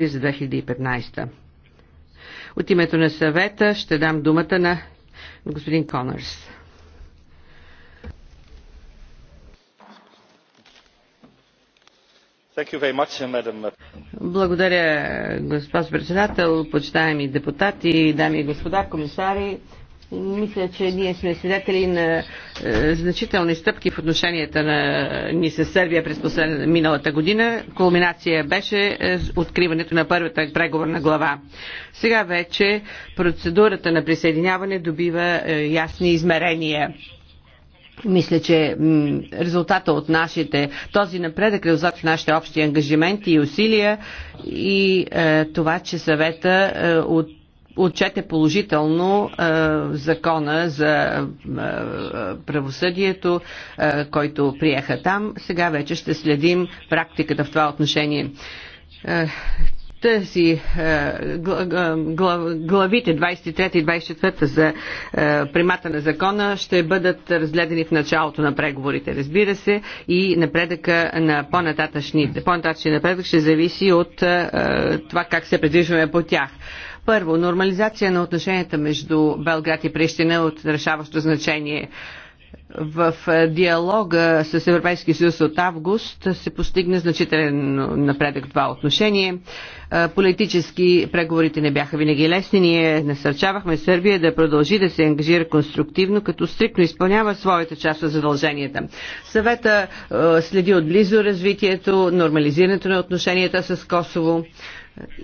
за 2015. От името на съвета ще дам думата на господин Конърс. Much, uh, Благодаря, госпожо председател, почитаеми депутати, дами и господа, комисари. Мисля, че ние сме свидетели на е, значителни стъпки в отношенията на ни с Сърбия през послед... миналата година. Кулминация беше е, откриването на първата преговорна глава. Сега вече процедурата на присъединяване добива е, ясни измерения. Мисля, че резултата от нашите, този напредък е резултат от нашите общи ангажименти и усилия и е, това, че съвета е, от отчете положително а, е, закона за а, е, правосъдието, а, е, който приеха там. Сега вече ще следим практиката в това отношение. Е, тази главите 23 и 24 за примата на закона ще бъдат разгледани в началото на преговорите, разбира се, и напредъка на по-нататъчни, по-нататъчни напредък ще зависи от това как се предвижваме по тях. Първо, нормализация на отношенията между Белград и Прищина е от решаващо значение. В е, диалога с Европейския съюз от август се постигна значителен е, напредък в това отношение. Политически преговорите не бяха винаги лесни. Ние насърчавахме Сърбия да продължи да се ангажира конструктивно, като стриктно изпълнява своята част от задълженията. Съвета следи отблизо развитието, нормализирането на отношенията с Косово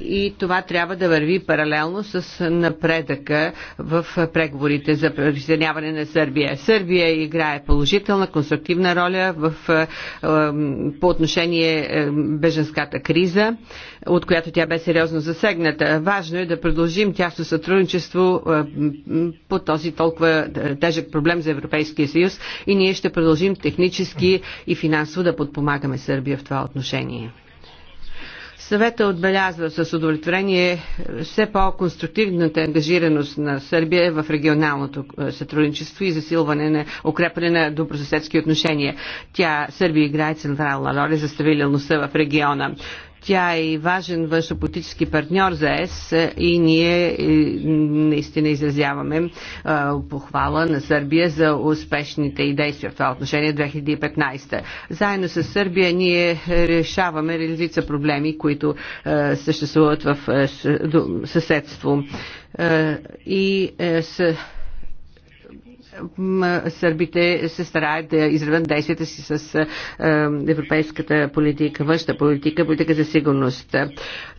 и това трябва да върви паралелно с напредъка в преговорите за присъединяване на Сърбия. Сърбия играе положителна, конструктивна роля в, е, е, по отношение е, беженската криза, от която тя бе сериозно засегната. Важно е да продължим тяхто сътрудничество по този толкова тежък проблем за Европейския съюз и ние ще продължим технически и финансово да подпомагаме Сърбия в това отношение. Съвета отбелязва с удовлетворение е, все по-конструктивната ангажираност на Сърбия в регионалното е, сътрудничество и засилване на укрепване на добросъседски отношения. Тя Сърбия играе централна роля за стабилността в региона. Тя е и важен външнополитически партньор за ЕС и ние е, наистина изразяваме е, похвала на Сърбия за успешните и действия в това отношение 2015. Заедно с Сърбия ние решаваме редица проблеми, които е, съществуват в съседство и с сърбите се стараят да изравнат действията си с е, европейската политика, външна политика, политика за сигурност.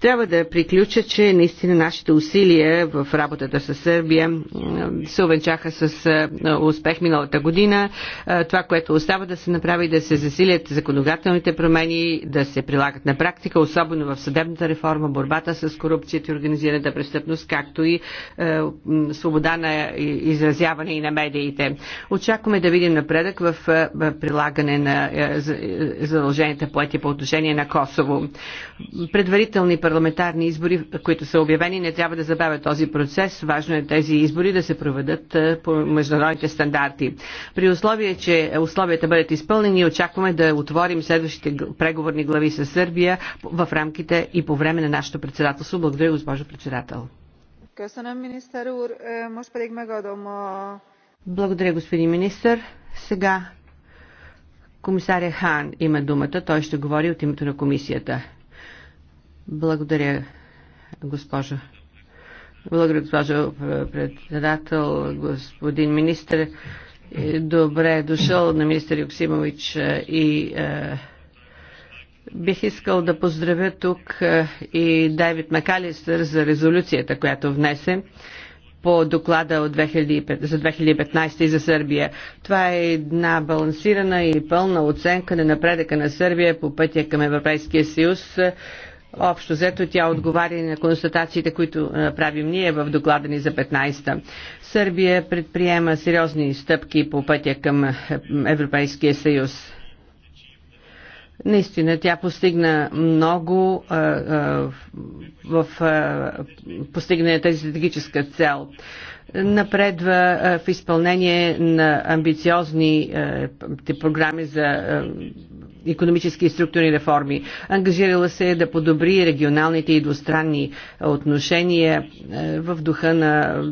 Трябва да приключа, че наистина нашите усилия в работата с Сърбия се увенчаха с е, успех миналата година. Е, това, което остава да се направи, да се засилят законодателните промени, да се прилагат на практика, особено в съдебната реформа, борбата с корупцията и организираната престъпност, както и свобода на изразяване и на медии критериите. Очакваме да видим напредък в е, прилагане на е, е, задълженията поети по отношение на Косово. Предварителни парламентарни избори, които са обявени, не трябва да забавят този процес. Важно е тези избори да се проведат по международните стандарти. При условие, че условията бъдат изпълнени, очакваме да отворим следващите преговорни глави с Сърбия в рамките и по време на нашето председателство. Благодаря, госпожо председател. Köszönöm, miniszter úr. Most pedig megadom a благодаря, господин министр. Сега комисаря Хан има думата. Той ще говори от името на комисията. Благодаря, госпожо. Благодаря, госпожо председател, господин министр. Е, добре е дошъл на министър Юксимович е, и е, бих искал да поздравя тук и Дайвид Макалистър за резолюцията, която внесе по доклада от 2005, за 2015 и за Сърбия. Това е една балансирана и пълна оценка на напредъка на Сърбия по пътя към Европейския съюз. Общо взето тя отговаря на констатациите, които правим ние в доклада ни за 15-та. Сърбия предприема сериозни стъпки по пътя към Европейския съюз Наистина, тя постигна много а, а, в а, постигане тази стратегическа цел. Напредва а, в изпълнение на амбициозни а, програми за а, економически и структурни реформи. Ангажирала се да подобри регионалните и двустранни отношения а, в духа на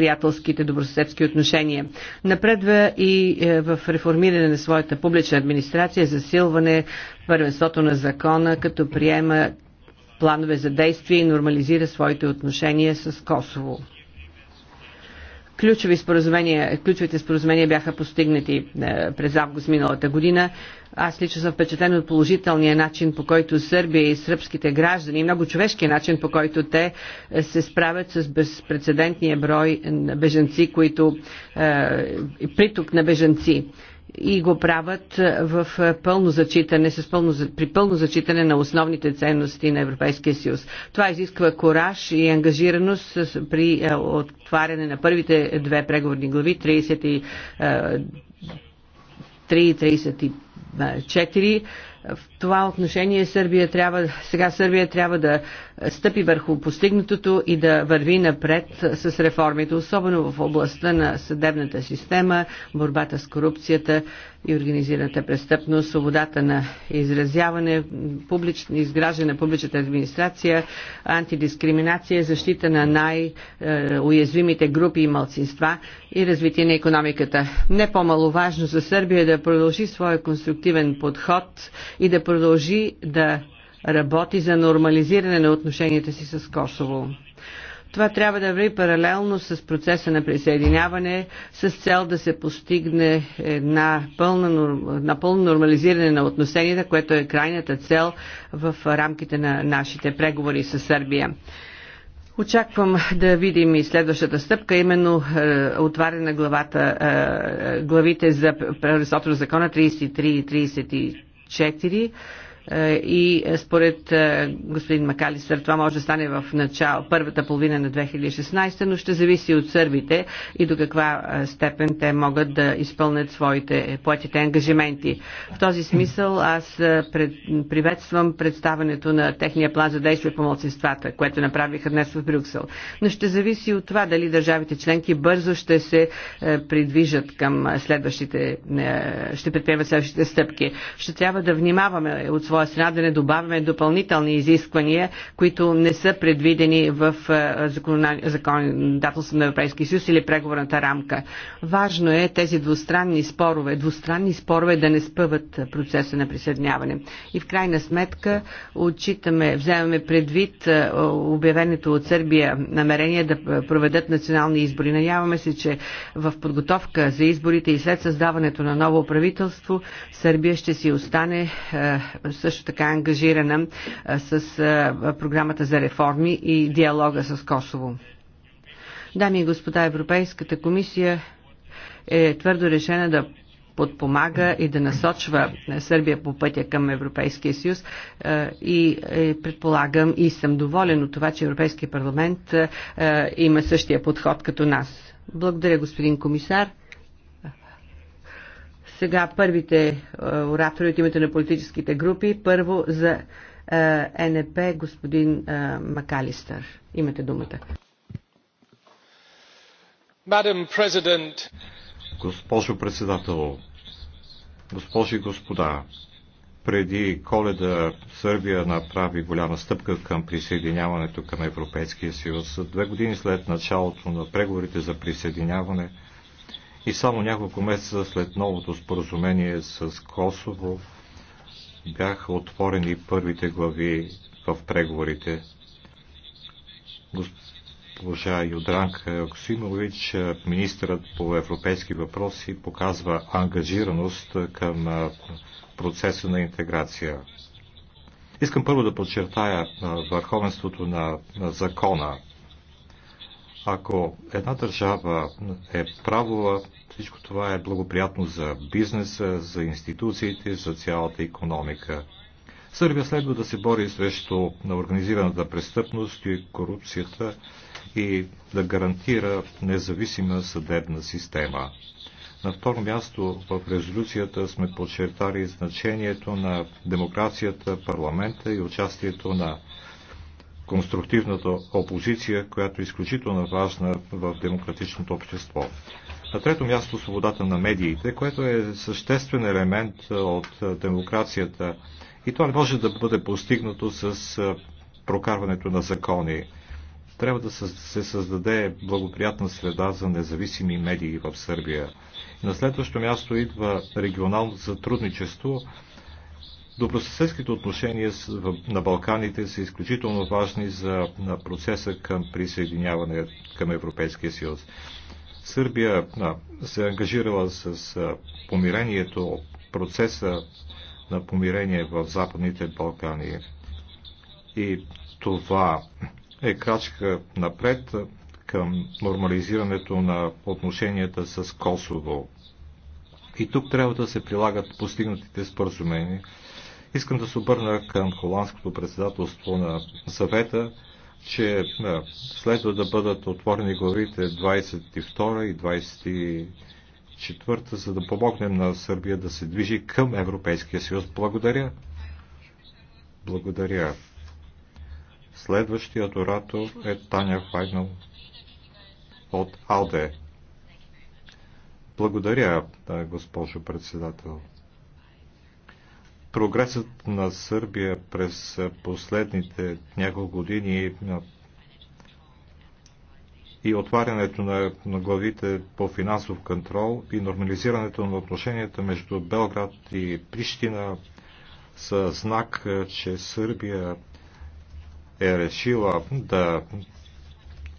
приятелските добросъседски отношения. Напредва и е, в реформиране на своята публична администрация, засилване първенството на закона, като приема планове за действие и нормализира своите отношения с Косово. Ключови споразумения, ключовите споразумения бяха постигнати е, през август миналата година. Аз лично съм впечатлен от положителния начин, по който Сърбия и сръбските граждани, много човешкия начин, по който те е, се справят с безпредседентния брой на беженци, които, е, приток на беженци и го правят е, в е, пълно зачитане, с пълно, при пълно зачитане на основните ценности на Европейския съюз. Това изисква кораж и ангажираност при е, отваряне на първите две преговорни глави 33 3 и 34 в това отношение Сърбия трябва, сега Сърбия трябва да стъпи върху постигнатото и да върви напред с реформите, особено в областта на съдебната система, борбата с корупцията и организираната престъпност, свободата на изразяване, публично, изграждане на публичната администрация, антидискриминация, защита на най-уязвимите групи и малцинства и развитие на економиката. Не по-маловажно за Сърбия е да продължи своя конструктивен подход и да продължи да работи за нормализиране на отношенията си с Косово. Това трябва да върви паралелно с процеса на присъединяване, с цел да се постигне една пълна, на пълно нормализиране на отношенията, което е крайната цел в рамките на нашите преговори с Сърбия. Очаквам да видим и следващата стъпка, именно е, отваряне на главата, е, главите за правосото закона 33 и 34 е, и е, според е, господин Макалистър това може да стане в начало, първата половина на 2016, но ще зависи от сърбите и до каква степен те могат да изпълнят своите платите ангажименти. В този смисъл аз пред, приветствам представането на техния план за действие по младсинствата, което направиха днес в Брюксел. Но ще зависи от това дали държавите членки бързо ще се придвижат към следващите, ще предприемат следващите стъпки. Ще трябва да внимаваме от своя страна да не добавяме допълнителни изисквания, които не са предвидени в е, законодателство на Европейския съюз или преговорната рамка. Важно е тези двустранни спорове, двустранни спорове да не спъват процеса на присъединяване. И в крайна сметка отчитаме, вземаме предвид е, обявеното от Сърбия намерение да проведат национални избори. Надяваме се, че в подготовка за изборите и след създаването на ново правителство, Сърбия ще си остане е, също така ангажирана с програмата за реформи и диалога с Косово. Дами и господа, Европейската комисия е твърдо решена да подпомага и да насочва Сърбия по пътя към Европейския съюз и е, предполагам и съм доволен от това, че Европейския парламент има същия подход като нас. Благодаря, господин комисар. Сега първите е, оратори от името на политическите групи. Първо за е, НП господин е, Макалистър. Имате думата. Госпожо председател, госпожи и господа, преди коледа Сърбия направи голяма стъпка към присъединяването към Европейския съюз. Две години след началото на преговорите за присъединяване – и само няколко месеца след новото споразумение с Косово бяха отворени първите глави в преговорите. Госпожа Юдранка Оксимович, министърът по европейски въпроси, показва ангажираност към процеса на интеграция. Искам първо да подчертая върховенството на закона ако една държава е правова, всичко това е благоприятно за бизнеса, за институциите, за цялата економика. Сърбия следва да се бори срещу на организираната престъпност и корупцията и да гарантира независима съдебна система. На второ място в резолюцията сме подчертали значението на демокрацията, парламента и участието на конструктивната опозиция, която е изключително важна в демократичното общество. На трето място свободата на медиите, което е съществен елемент от демокрацията и това не може да бъде постигнато с прокарването на закони. Трябва да се създаде благоприятна среда за независими медии в Сърбия. На следващо място идва регионалното сътрудничество, Добросъседските отношения на Балканите са изключително важни за процеса към присъединяване към Европейския съюз. Сърбия се е ангажирала с помирението, процеса на помирение в Западните Балкани. И това е крачка напред към нормализирането на отношенията с Косово. И тук трябва да се прилагат постигнатите споразумения Искам да се обърна към холандското председателство на съвета, че е, следва да бъдат отворени главите 22 и 24, за да помогнем на Сърбия да се движи към Европейския съюз. Благодаря. Благодаря. Следващият оратор е Таня Файнал от АЛДЕ. Благодаря, е, госпожо председател. Прогресът на Сърбия през последните няколко години и отварянето на, главите по финансов контрол и нормализирането на отношенията между Белград и Прищина са знак, че Сърбия е решила да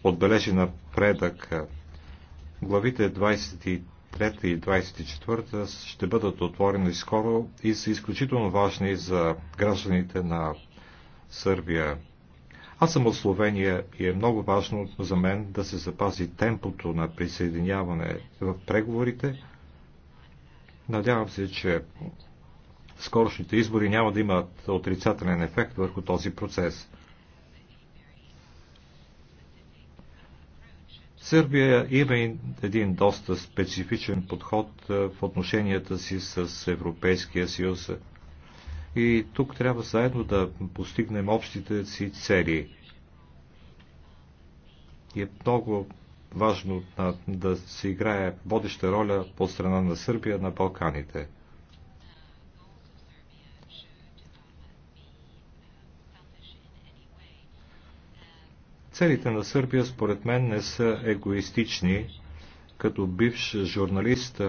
отбележи напредък. Главите 23 3 и 24 ще бъдат отворени скоро и са изключително важни за гражданите на Сърбия. Аз съм от Словения и е много важно за мен да се запази темпото на присъединяване в преговорите. Надявам се, че скорошните избори няма да имат отрицателен ефект върху този процес. Сърбия има един доста специфичен подход в отношенията си с Европейския съюз. И тук трябва заедно да постигнем общите си цели. И е много важно да се играе водеща роля по страна на Сърбия на Балканите. Целите на Сърбия според мен не са егоистични. Като бивш журналист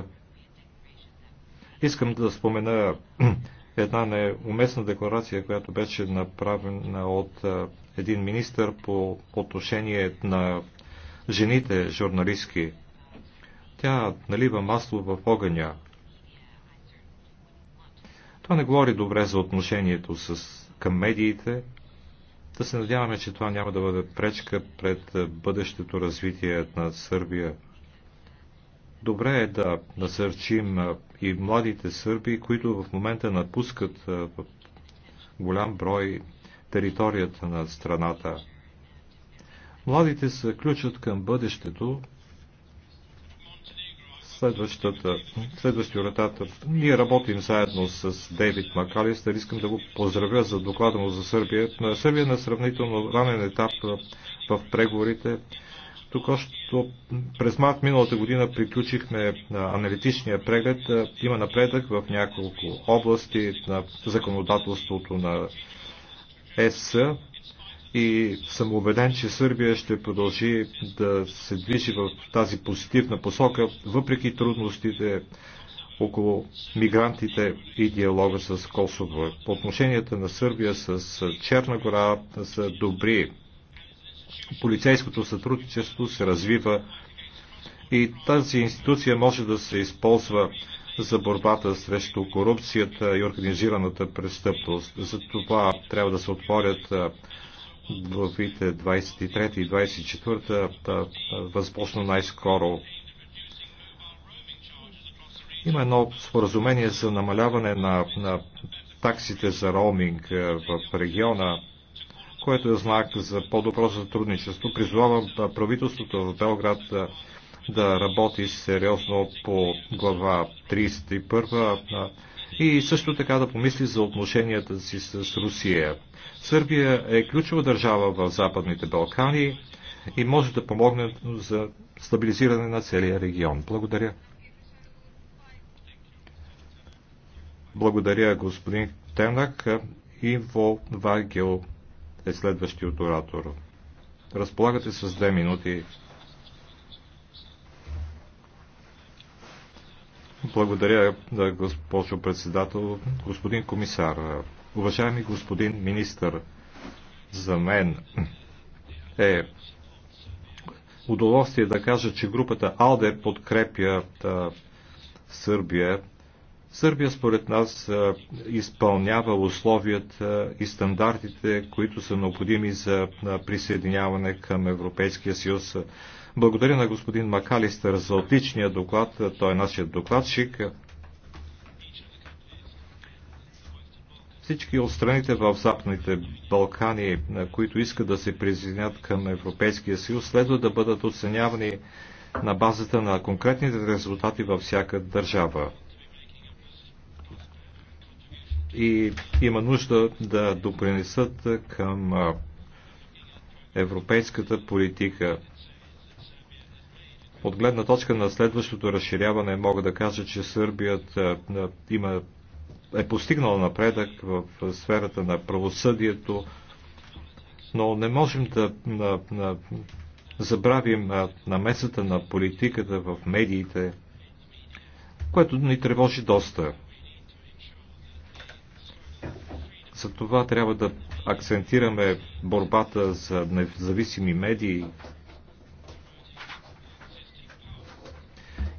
искам да спомена една неуместна декларация, която беше направена от един министр по отношение на жените журналистки. Тя налива масло в огъня. Това не говори добре за отношението с, към медиите, да се надяваме, че това няма да бъде пречка пред бъдещето развитие на Сърбия. Добре е да насърчим и младите сърби, които в момента напускат голям брой територията на страната. Младите се ключат към бъдещето Следващата, следващия орататор. Ние работим заедно с Дейвид Макалистър. Искам да го поздравя за доклада му за Сърбия. На Сърбия е на сравнително ранен етап в преговорите. Току-що през март миналата година приключихме аналитичния преглед. Има напредък в няколко области на законодателството на ЕС и съм убеден, че Сърбия ще продължи да се движи в тази позитивна посока, въпреки трудностите около мигрантите и диалога с Косово. Отношенията на Сърбия с Черна гора са добри. Полицейското сътрудничество се развива и тази институция може да се използва за борбата срещу корупцията и организираната престъпност. За това трябва да се отворят главите 23 и 24 възможно най-скоро. Има едно споразумение за намаляване на, на таксите за роуминг в региона, което е знак за по-добро сътрудничество. Призовавам правителството в Белград да, да работи сериозно по глава 31 и също така да помисли за отношенията си с Русия. Сърбия е ключова държава в Западните Балкани и може да помогне за стабилизиране на целия регион. Благодаря. Благодаря, господин Тенак. Иво Вагел е следващият оратор. Разполагате с две минути. Благодаря, госпожо председател, господин комисар. Уважаеми господин министър, за мен е удоволствие да кажа, че групата АЛДЕ подкрепя да, Сърбия. Сърбия според нас изпълнява условията и стандартите, които са необходими за присъединяване към Европейския съюз. Благодаря на господин Макалистър за отличния доклад. Той е нашият докладчик. Всички от страните в Западните Балкани, които искат да се присъединят към Европейския съюз, следва да бъдат оценявани на базата на конкретните резултати във всяка държава. И има нужда да допринесат към европейската политика. От гледна точка на следващото разширяване мога да кажа, че Сърбият има е постигнал напредък в сферата на правосъдието, но не можем да на, на, забравим намесата на политиката в медиите, което ни тревожи доста. За това трябва да акцентираме борбата за независими медии,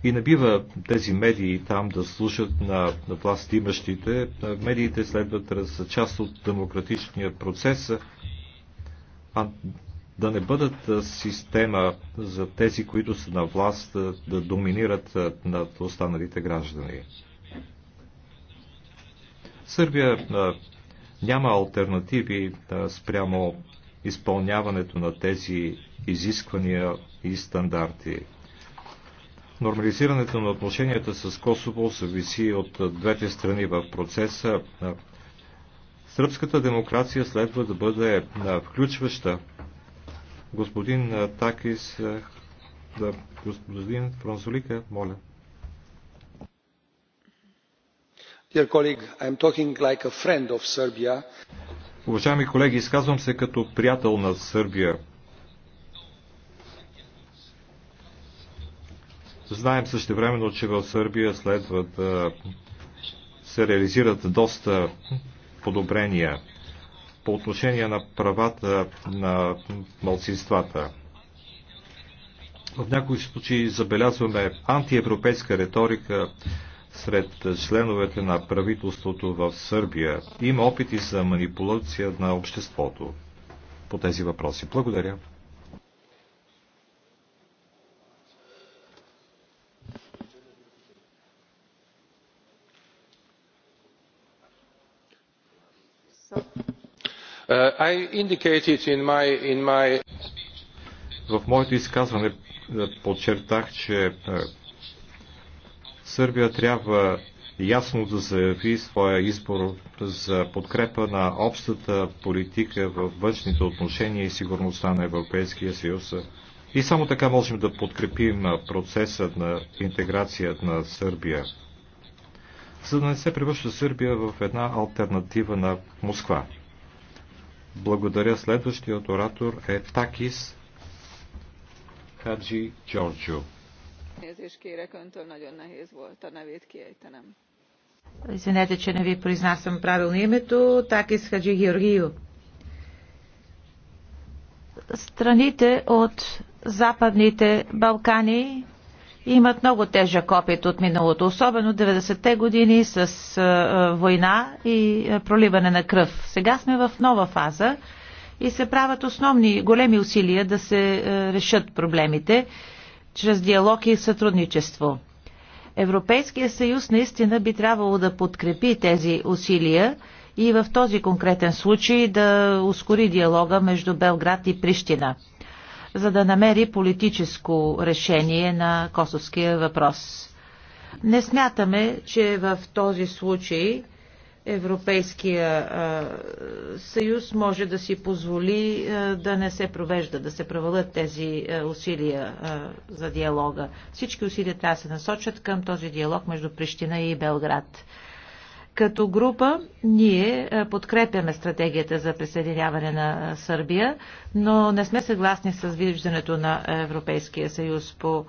И не бива тези медии там да слушат на, на власт имащите. Медиите следват да са част от демократичния процес, а да не бъдат система за тези, които са на власт, да доминират над останалите граждани. Сърбия няма альтернативи спрямо изпълняването на тези изисквания и стандарти. Нормализирането на отношенията с Косово зависи от двете страни в процеса. Сръбската демокрация следва да бъде включваща. Господин Такис, да, господин Франсолика, моля. Like Уважаеми колеги, изказвам се като приятел на Сърбия. Знаем също времено, че в Сърбия следва да се реализират доста подобрения по отношение на правата на малцинствата. В някои случаи забелязваме антиевропейска риторика сред членовете на правителството в Сърбия. Има опити за манипулация на обществото по тези въпроси. Благодаря. Uh, в моето изказване е, подчертах, че е, Сърбия трябва ясно да заяви своя избор за подкрепа на общата политика във външните отношения и сигурността на Европейския съюз. И само така можем да подкрепим процеса на интеграция на Сърбия, за да не се превръща Сърбия в една альтернатива на Москва. Благодаря. Следващият оратор е Такис Хаджи Джорджо. Извинете, че не ви произнасям правилно името. Такис Хаджи Георгио. Страните от Западните Балкани имат много тежък опит от миналото, особено 90-те години с война и проливане на кръв. Сега сме в нова фаза и се правят основни големи усилия да се решат проблемите чрез диалог и сътрудничество. Европейския съюз наистина би трябвало да подкрепи тези усилия и в този конкретен случай да ускори диалога между Белград и Прищина за да намери политическо решение на косовския въпрос. Не смятаме, че в този случай Европейския съюз може да си позволи да не се провежда, да се провалят тези усилия за диалога. Всички усилия трябва да се насочат към този диалог между Прищина и Белград. Като група ние е, подкрепяме стратегията за присъединяване на е, Сърбия, но не сме съгласни с виждането на Европейския съюз по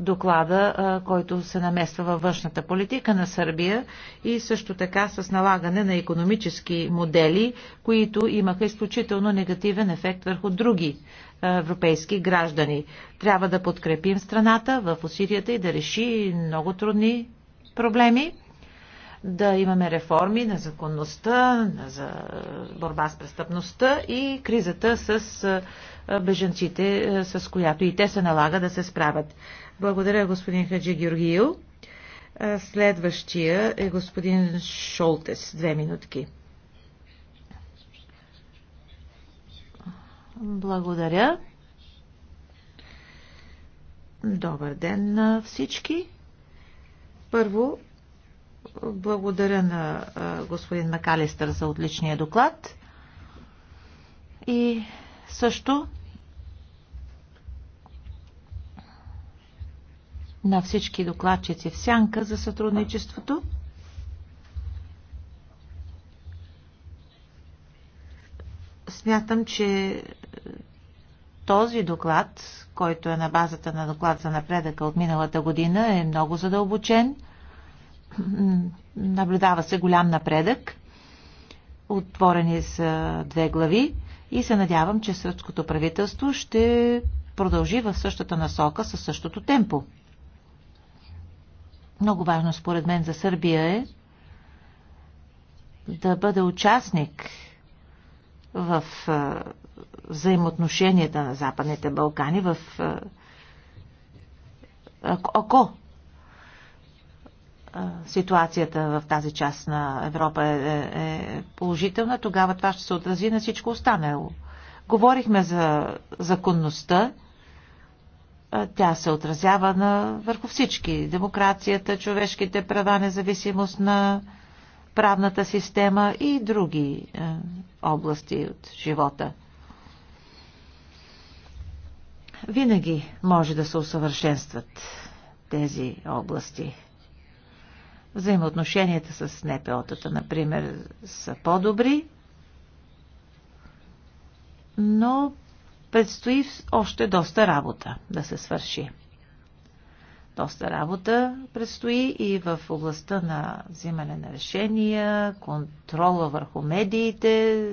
доклада, е, който се намества във външната политика на Сърбия и също така с налагане на економически модели, които имаха изключително негативен ефект върху други европейски граждани. Трябва да подкрепим страната в усилията и да реши много трудни проблеми да имаме реформи на законността, на за борба с престъпността и кризата с беженците, с която и те се налага да се справят. Благодаря, господин Хаджи Георгиев. Следващия е господин Шолтес. Две минутки. Благодаря. Добър ден на всички. Първо благодаря на господин Макалистър за отличния доклад. И също на всички докладчици в сянка за сътрудничеството. Смятам, че този доклад, който е на базата на доклад за напредъка от миналата година, е много задълбочен – Наблюдава се голям напредък. Отворени са две глави и се надявам, че сръбското правителство ще продължи в същата насока със същото темпо. Много важно според мен за Сърбия е да бъде участник в взаимоотношенията на Западните Балкани, в ако ситуацията в тази част на Европа е, е, е положителна, тогава това ще се отрази на всичко останало. Говорихме за законността. Тя се отразява на, върху всички. Демокрацията, човешките права, независимост на правната система и други е, области от живота. Винаги може да се усъвършенстват тези области. Взаимоотношенията с НПО-тата, например, са по-добри, но предстои още доста работа да се свърши. Доста работа предстои и в областта на взимане на решения, контрола върху медиите,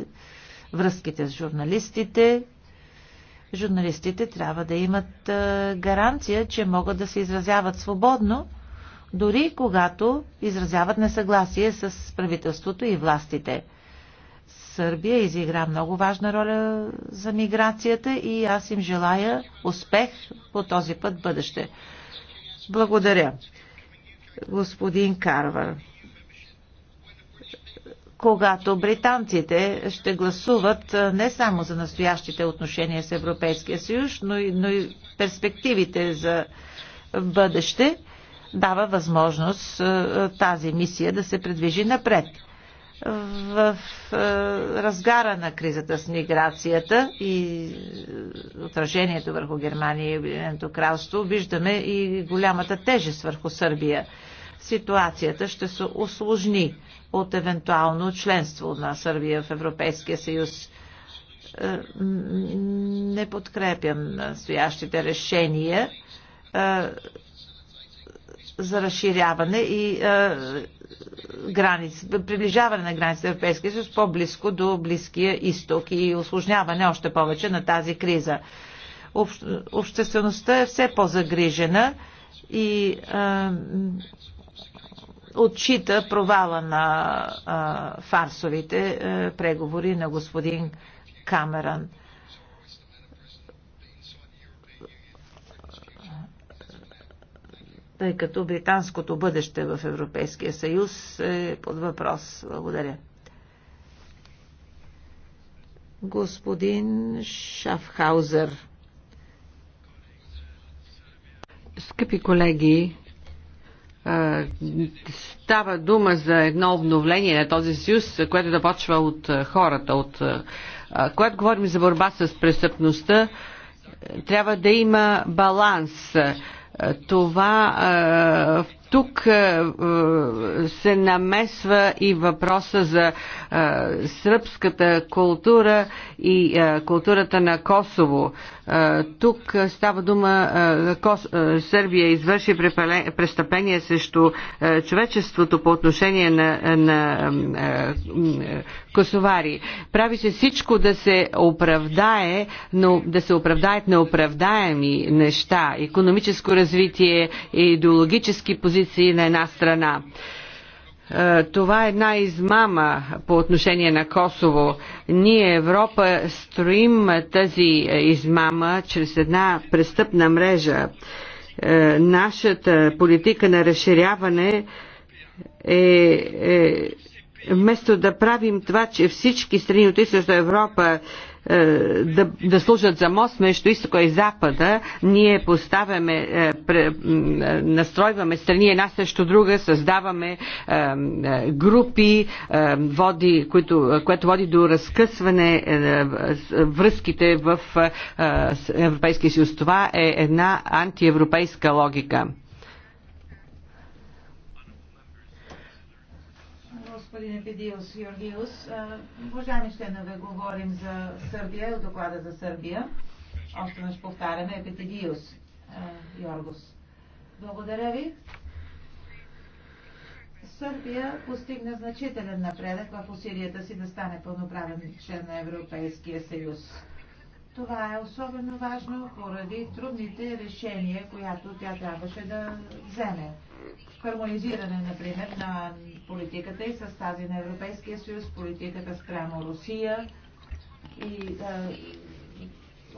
връзките с журналистите. Журналистите трябва да имат гаранция, че могат да се изразяват свободно – дори когато изразяват несъгласие с правителството и властите. Сърбия изигра много важна роля за миграцията и аз им желая успех по този път бъдеще. Благодаря. Господин Карвар когато британците ще гласуват не само за настоящите отношения с Европейския съюз, но и, но и перспективите за бъдеще дава възможност е, е, тази мисия да се предвижи напред. В е, разгара на кризата с миграцията и отражението върху Германия и Обединеното кралство виждаме и голямата тежест върху Сърбия. Ситуацията ще се осложни от евентуално членство на Сърбия в Европейския съюз не подкрепям настоящите решения за разширяване и а, е, границ, приближаване на границите на Европейския съюз по-близко до Близкия изток и осложняване още повече на тази криза. Общ, обществеността е все по-загрижена и а, е, отчита провала на а, е, фарсовите а, преговори на господин Камеран. тъй като британското бъдеще в Европейския съюз е под въпрос. Благодаря. Господин Шафхаузер. Скъпи колеги, става дума за едно обновление на този съюз, което да почва от хората. От, когато говорим за борба с престъпността, трябва да има баланс това тук се намесва и въпроса за сръбската култура и културата на Косово. Тук става дума, Сърбия извърши престъпление срещу човечеството по отношение на, на косовари. Прави се всичко да се оправдае, но да се оправдаят неоправдаеми неща, економическо развитие и идеологически позиции на една страна. Е, това е една измама по отношение на Косово. Ние, Европа, строим тази измама чрез една престъпна мрежа. Е, нашата политика на разширяване е, е вместо да правим това, че всички страни от Източна Европа е, да, да служат за мост между изтока и запада, ние поставяме, е, е, настройваме страни една срещу друга, създаваме групи, води, които, което води до разкъсване връзките в Европейския съюз. Това е една антиевропейска логика. господин Епидиос Георгиус. Уважаеми членове, говорим за Сърбия, доклада за Сърбия. Още наш повтаряме Епидиос Йоргус. Благодаря ви. Сърбия постигна значителен напредък в усилията си да стане пълноправен член на Европейския съюз. Това е особено важно поради трудните решения, която тя трябваше да вземе. Хармонизиране, например, на политиката и с тази на Европейския съюз, политиката спрямо Русия и да,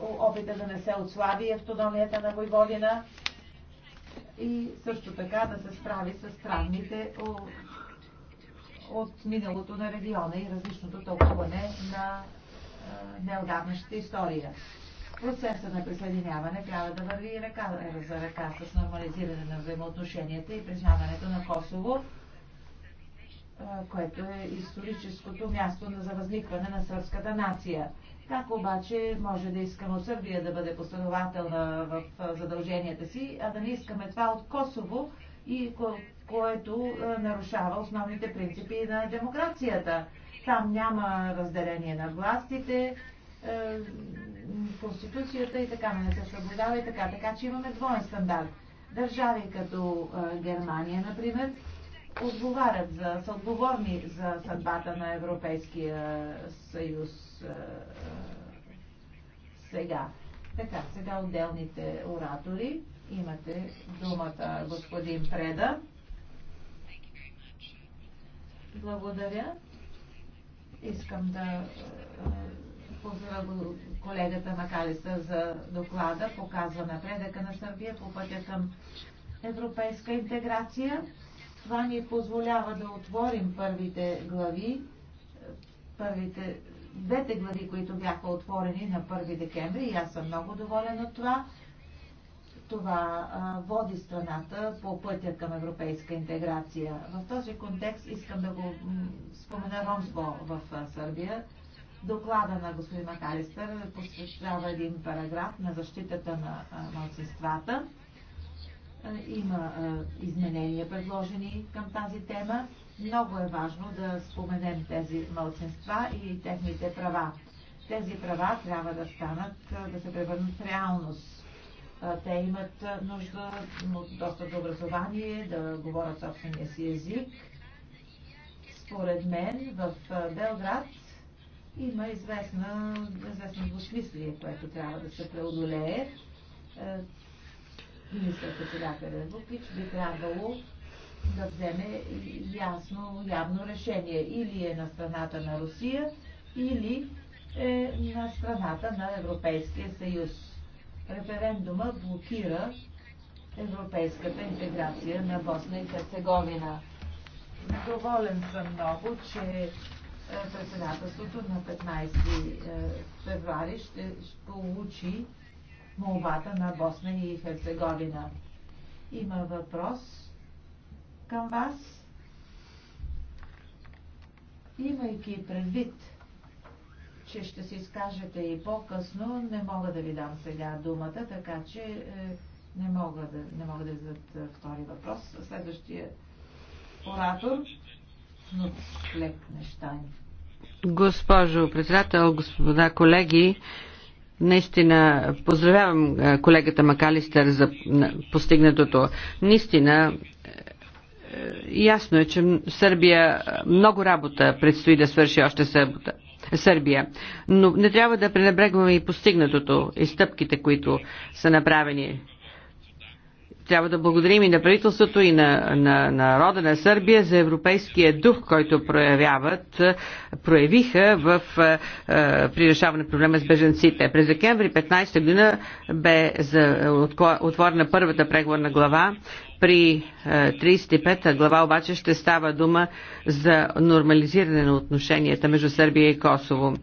опита да не се отслаби автономията на Войводина и също така да се справи с травмите от миналото на региона и различното тълкуване на неодавнащата история. Процесът на присъединяване трябва да върви ръка за ръка с нормализиране на взаимоотношенията и признаването на Косово, което е историческото място за възникване на сръбската нация. Как обаче може да искаме от Сърбия да бъде последователна в задълженията си, а да не искаме това от Косово, и което нарушава основните принципи на демокрацията? Там няма разделение на властите, е, конституцията и така не се съблюдава и така. Така че имаме двоен стандарт. Държави като е, Германия, например, отговарят за, са отговорни за съдбата на Европейския съюз е, сега. Така, сега отделните оратори. Имате думата, господин Преда. Благодаря. Искам да е, поздравя колегата Макалиса за доклада. Показва напредъка на Сърбия по пътя към европейска интеграция. Това ни позволява да отворим първите глави, е, първите двете глави, които бяха отворени на 1 декември и аз съм много доволен от това това а, води страната по пътя към европейска интеграция. В този контекст искам да го спомена Ромсбо в а, Сърбия. Доклада на господин Макаристър посвещава един параграф на защитата на младсинствата. Има а, изменения предложени към тази тема. Много е важно да споменем тези младсинства и техните права. Тези права трябва да станат, да се превърнат в реалност те имат нужда от доста до образование, да говорят собствения си език. Според мен в Белград има известна, известно двусмислие, което трябва да се преодолее. Мисля, председателя Буклич би трябвало да вземе ясно, явно решение. Или е на страната на Русия, или е на страната на Европейския съюз. Референдума блокира европейската интеграция на Босна и Херцеговина. Доволен съм много, че е, председателството на 15 е, февруари ще получи молбата на Босна и Херцеговина. Има въпрос към вас. Имайки предвид че ще се изкажете и по-късно. Не мога да ви дам сега думата, така че е, не мога да, не мога да зададат е, втори въпрос. Следващия оратор, но лек неща. Госпожо председател, господа колеги, Наистина поздравявам е, колегата Макалистер за постигнатото. Наистина е, ясно е, че Сърбия много работа предстои да свърши още събота Сърбия. Но не трябва да пренебрегваме и постигнатото и стъпките, които са направени трябва да благодарим и на правителството, и на, на народа на Сърбия за европейския дух, който проявяват, проявиха в, е, е при решаване проблема с беженците. През декември 15 година бе за, отворена първата преговорна глава. При 35-та е, глава обаче ще става дума за нормализиране на отношенията между Сърбия и Косово.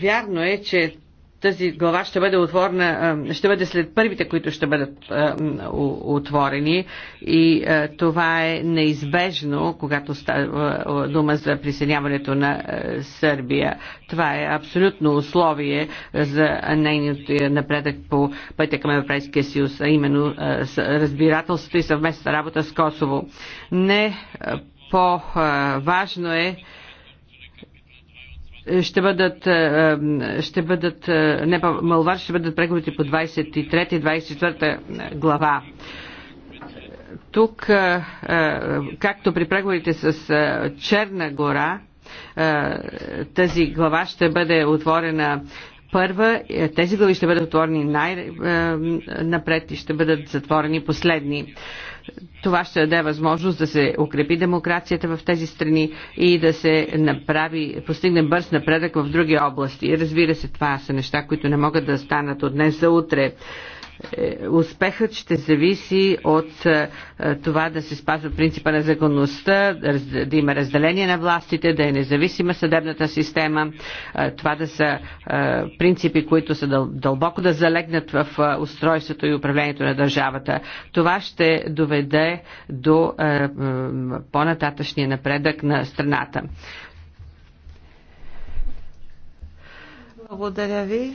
Вярно е, че тази глава ще бъде отворена, ще бъде след първите, които ще бъдат отворени и това е неизбежно, когато става дума за присъединяването на Сърбия. Това е абсолютно условие за нейният е, напредък по пътя към Европейския съюз, а именно разбирателството и съвместна работа с Косово. Не по-важно е ще бъдат, е, е, ще бъдат е, не малвар, ще бъдат преговорите по 23-24 глава. Тук, както при преговорите с Черна гора, тази глава ще бъде отворена първа, е, тези глави ще бъдат отворени най-напред е, и ще бъдат затворени последни. Това ще даде възможност да се укрепи демокрацията в тези страни и да се направи, постигне бърз напредък в други области. Разбира се, това са неща, които не могат да станат от днес за утре. Е, успехът ще зависи от е, това да се спазва принципа на законността, да има разделение на властите, да е независима съдебната система. Е, това да са принципи, които са дълбоко да залегнат в устройството и управлението на държавата. Това ще доведе до по-нататъчния напредък на страната. Благодаря ви,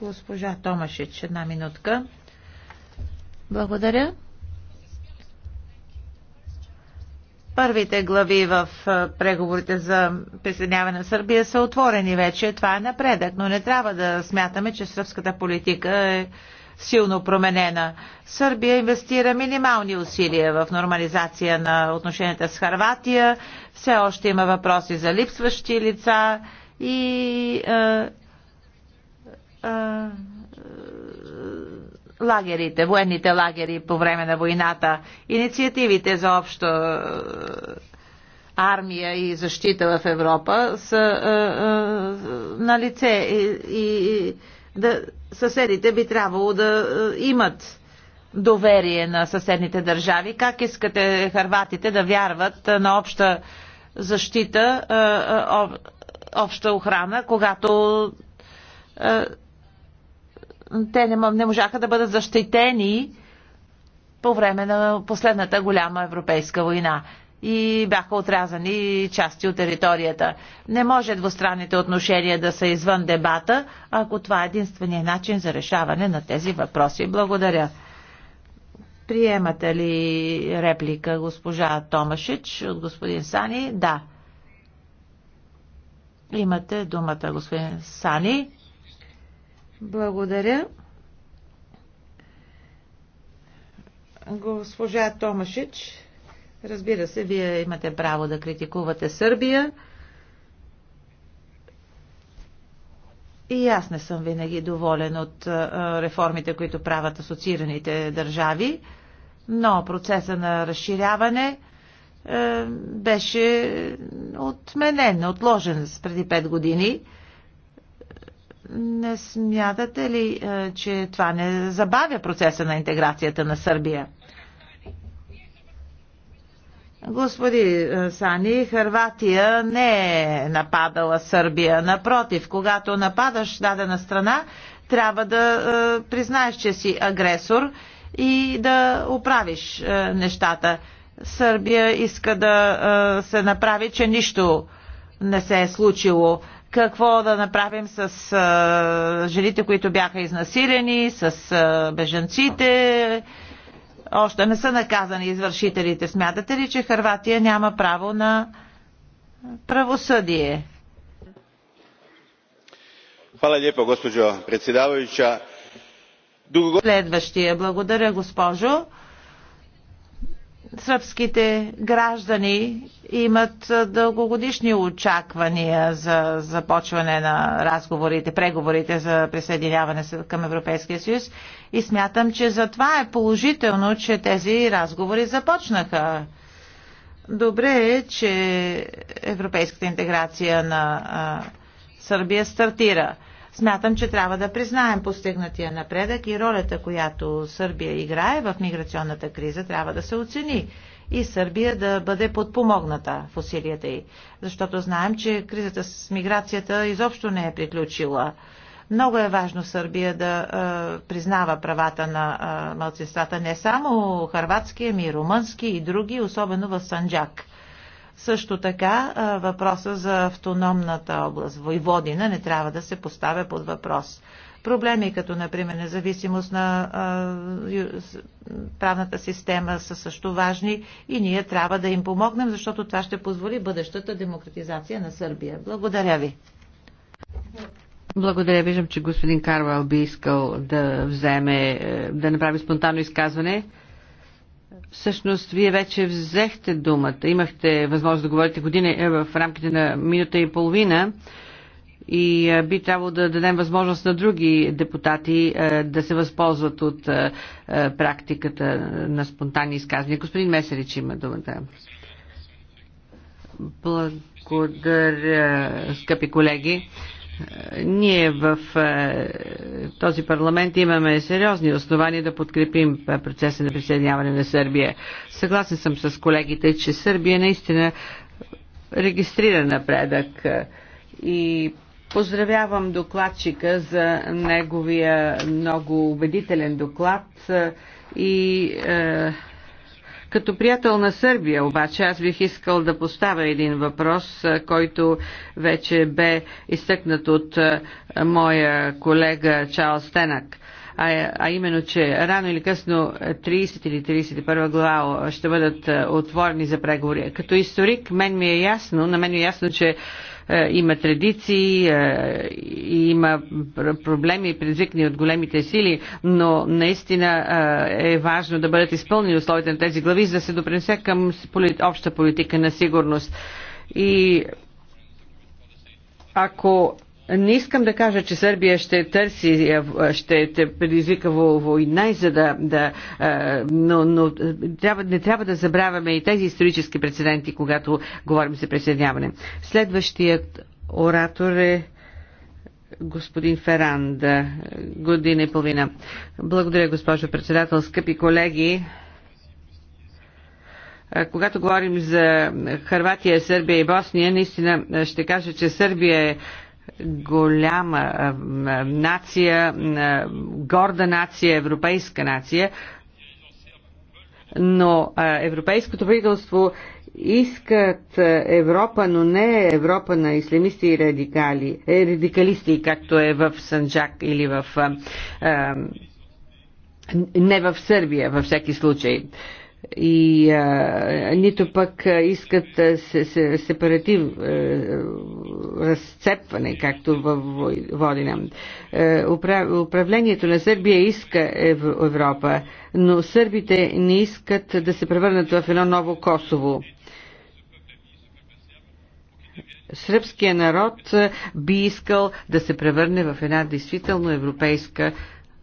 госпожа Томашич. Една минутка. Благодаря. Първите глави в преговорите за присъединяване на Сърбия са отворени вече. Това е напредък, но не трябва да смятаме, че сръбската политика е силно променена. Сърбия инвестира минимални усилия в нормализация на отношенията с Харватия. Все още има въпроси за липсващи лица и. А, а, лагерите, военните лагери по време на войната, инициативите за обща е, армия и защита в Европа са е, е, на лице и, и да, съседите би трябвало да имат доверие на съседните държави. Как искате харватите да вярват на обща защита, обща охрана, когато те не, не можаха да бъдат защитени по време на последната голяма европейска война и бяха отрязани части от територията. Не може двустранните отношения да са извън дебата, ако това е единствения начин за решаване на тези въпроси. Благодаря. Приемате ли реплика госпожа Томашич от господин Сани? Да. Имате думата, господин Сани. Благодаря. Госпожа Томашич, разбира се, вие имате право да критикувате Сърбия. И аз не съм винаги доволен от реформите, които правят асоциираните държави, но процеса на разширяване беше отменен, отложен преди 5 години. Не смятате ли, е, че това не забавя процеса на интеграцията на Сърбия? Господи е, Сани, Харватия не е нападала Сърбия. Напротив, когато нападаш дадена страна, трябва да е, признаеш, че си агресор и да оправиш нещата. Сърбия иска да се направи, че нищо не се е случило какво да направим с а, жените, които бяха изнасилени, с а, бежанците. Още не са наказани извършителите. Смятате ли, че Харватия няма право на правосъдие? лепо, госпожо gospođo Дуго... Следващия. Благодаря, госпожо сръбските граждани имат дългогодишни очаквания за започване на разговорите, преговорите за присъединяване към Европейския съюз и смятам, че затова е положително, че тези разговори започнаха. Добре е, че европейската интеграция на Сърбия стартира. Смятам, че трябва да признаем постигнатия напредък и ролята, която Сърбия играе в миграционната криза, трябва да се оцени и Сърбия да бъде подпомогната в усилията й. Защото знаем, че кризата с миграцията изобщо не е приключила. Много е важно Сърбия да е, признава правата на е, мълцинствата, не само харватски, ами и румънски и други, особено в Санджак. Също така въпроса за автономната област Войводина не трябва да се поставя под въпрос. Проблеми като, например, независимост на правната система са също важни и ние трябва да им помогнем, защото това ще позволи бъдещата демократизация на Сърбия. Благодаря ви. Благодаря. Виждам, че господин Карвал би искал да вземе, е, да направи спонтанно изказване. Всъщност, вие вече взехте думата, имахте възможност да говорите години е, в рамките на минута и половина и е, би трябвало да дадем възможност на други депутати е, да се възползват от практиката на спонтанни изказвания. Господин Месерич има думата. Благодаря, скъпи колеги. Ние в е, този парламент имаме сериозни основания да подкрепим е, процеса на присъединяване на Сърбия. Съгласен съм с колегите, че Сърбия наистина регистрира напредък е, и Поздравявам докладчика за неговия много убедителен доклад и е, като приятел на Сърбия обаче аз бих искал да поставя един въпрос, който вече бе изтъкнат от моя колега Чарлз Тенак а, а именно, че рано или късно 30 или 31 глава ще бъдат отворени за преговори. Като историк, мен ми е ясно, на мен ми е ясно, че е, има традиции е, и има проблеми, предизвикани от големите сили, но наистина е, е важно да бъдат изпълнени условията на тези глави, за да се допринесе към обща политика на сигурност. И ако не искам да кажа, че Сърбия ще търси, е, ще те предизвика война, за да, да е, но, но трябва, не трябва да забравяме и тези исторически прецеденти, когато говорим за присъединяване. Следващият оратор е господин Феранда, година и половина. Благодаря, госпожо председател, скъпи колеги е, когато говорим за Харватия, Сърбия и Босния, наистина ще кажа, че Сърбия е голяма нация, горда нация, европейска нация, но европейското правителство искат Европа, но не Европа на ислямисти и радикали, е, радикалисти, както е в Санджак или в... не в Сърбия във всеки случай и а, нито пък искат се, се, сепаратив а, разцепване, както в Водина. управлението на Сърбия иска Европа, но сърбите не искат да се превърнат в едно ново Косово сръбския народ би искал да се превърне в една действително европейска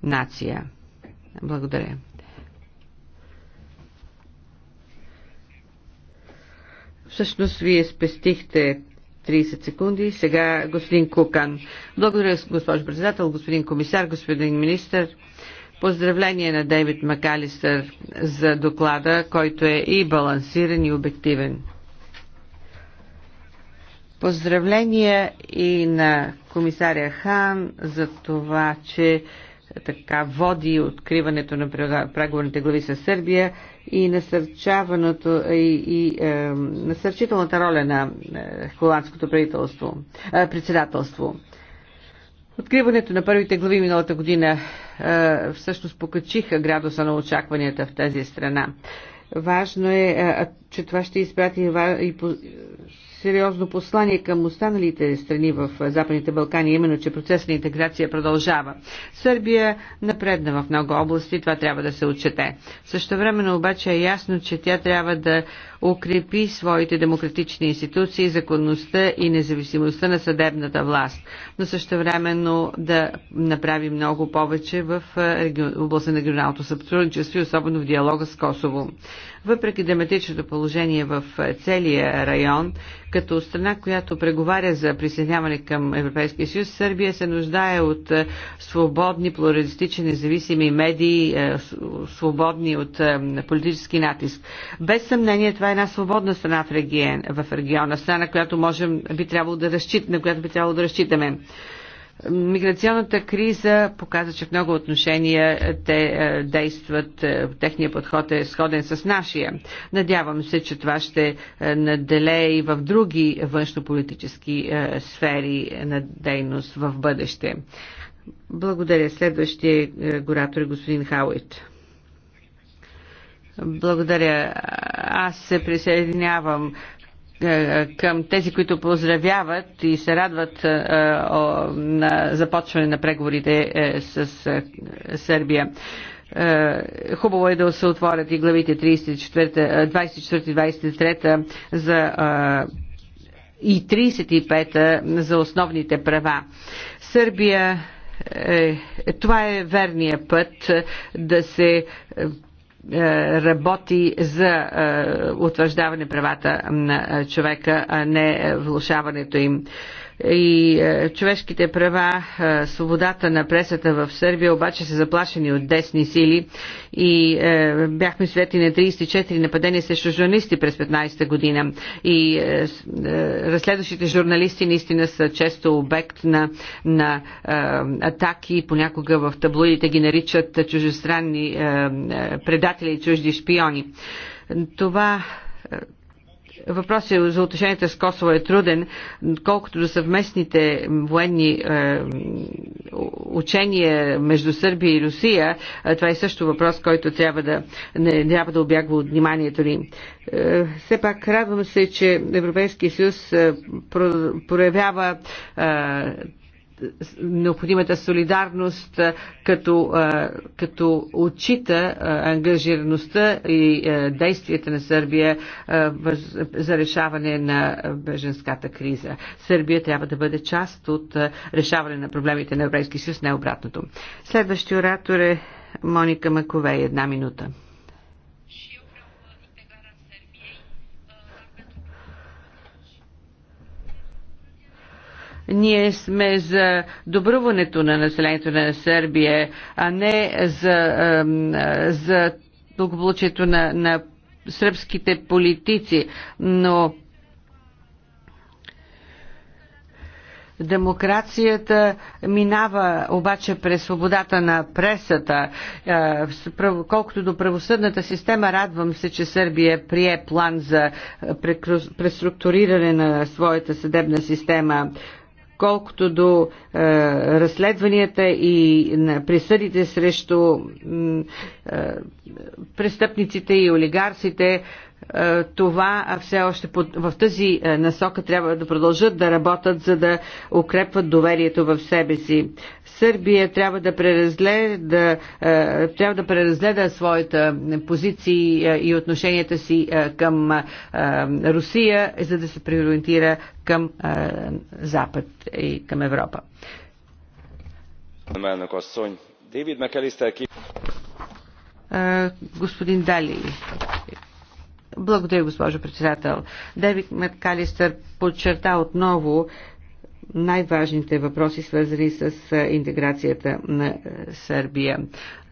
нация. Благодаря. Всъщност, вие спестихте 30 секунди. Сега господин Кукан. Благодаря, госпожо председател, господин комисар, господин министр. Поздравление на Дейвид Макалистър за доклада, който е и балансиран и обективен. Поздравления и на комисаря Хан за това, че така води откриването на преговорните глави с Сърбия и, насърчаването, и, и е, насърчителната роля на е, холандското правителство, е, председателство. Откриването на първите глави миналата година е, всъщност покачиха градуса на очакванията в тази страна. Важно е, е че това ще изпрати и сериозно послание към останалите страни в Западните Балкани, именно, че процес на интеграция продължава. Сърбия напредна в много области, това трябва да се отчете. също времено обаче е ясно, че тя трябва да укрепи своите демократични институции, законността и независимостта на съдебната власт, но същевременно да направи много повече в областта на регионалното сътрудничество и особено в диалога с Косово. Въпреки драматичното положение в целия район, като страна, която преговаря за присъединяване към Европейския съюз, Сърбия се нуждае от свободни, плуралистични, независими медии, свободни от политически натиск. Без съмнение това това е една свободна страна в, регион, в региона, страна, на която можем, би трябвало да разчитаме, на която би трябвало да разчитаме. Миграционната криза показа, че в много отношения е, те е, действат, е, техният подход е сходен с нашия. Надявам се, че това ще наделее и в други външнополитически сфери на дейност в бъдеще. Благодаря. Следващия горатор е господин Хауит. Благодаря. Аз се присъединявам е, към тези, които поздравяват и се радват е, на започване на преговорите е, с Сърбия. Хубаво е да се отворят и главите 24-23 за и 35 за основните права. Сърбия това е верния път да се е, работи за е, утвърждаване правата на е, човека, а не влушаването им и е, човешките права, е, свободата на пресата в Сърбия обаче са заплашени от десни сили и е, бяхме свети на 34 нападения срещу журналисти през 15-та година и разследващите журналисти наистина са често обект на, на атаки, понякога в таблоидите ги наричат чужестранни предатели и чужди шпиони. Това Въпросът е, за отношенията с Косово е труден, колкото до съвместните военни е, учения между Сърбия и Русия. Е, това е също въпрос, който трябва да, не, трябва да обягва от вниманието ни. Е, все пак радвам се, че Европейския съюз е, проявява е, необходимата солидарност, като, като отчита ангажираността и действията на Сърбия за решаване на беженската криза. Сърбия трябва да бъде част от решаване на проблемите на Европейския съюз, не обратното. Следващия оратор е Моника Маковей. Една минута. Ние сме за добруването на населението на Сърбия, а не за, за благополучието на, на сръбските политици. Но Демокрацията минава обаче през свободата на пресата. Е, колкото до правосъдната система, радвам се, че Сърбия прие план за преструктуриране на своята съдебна система. Колкото до е, разследванията и на присъдите срещу е, престъпниците и олигарсите, е, това все още под, в тази е, насока трябва да продължат да работят, за да укрепват доверието в себе си. Сърбия трябва да преразгледа, е, трябва да преразгледа своята позиции е, и отношенията си е, към Русия, за да се приориентира към Запад и към Европа. Господин Дали, благодаря, госпожо председател. Девид Меткалистър подчерта отново, най-важните въпроси, свързани с интеграцията на Сърбия.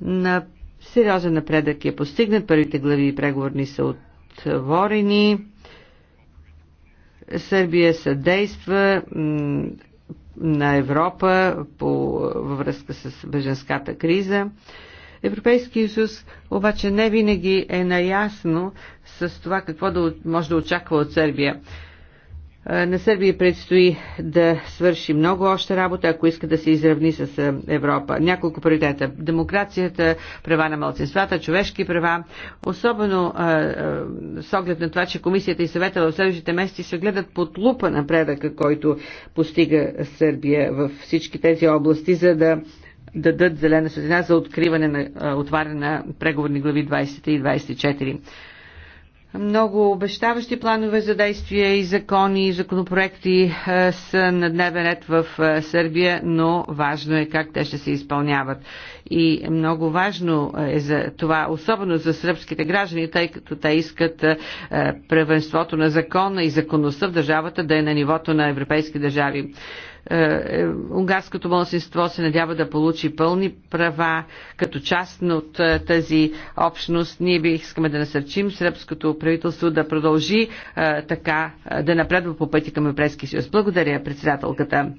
На сериозен напредък е постигнат. Първите глави преговорни са отворени. Сърбия съдейства на Европа по, във връзка с беженската криза. Европейския съюз обаче не винаги е наясно с това какво да, може да очаква от Сърбия. На Сърбия предстои да свърши много още работа, ако иска да се изравни с Европа. Няколко приоритета. Демокрацията, права на малцинствата, човешки права. Особено а, а, с оглед на това, че комисията и съвета в следващите месеци ще гледат под лупа напредъка, който постига Сърбия във всички тези области, за да дадат зелена светлина за откриване на, отваряне на преговорни глави 20 и 24. Много обещаващи планове за действие и закони и законопроекти е, са на дневен ред в е, Сърбия, но важно е как те ще се изпълняват. И много важно е за това, особено за сръбските граждани, тъй като те искат е, превенството на закона и законността в държавата да е на нивото на европейски държави. Е, е, унгарското мълсинство се надява да получи пълни права като част от е, тази общност. Ние би искаме да насърчим сръбското правителство да продължи така, да напредва по пъти към Европейския съюз. Благодаря, председателката.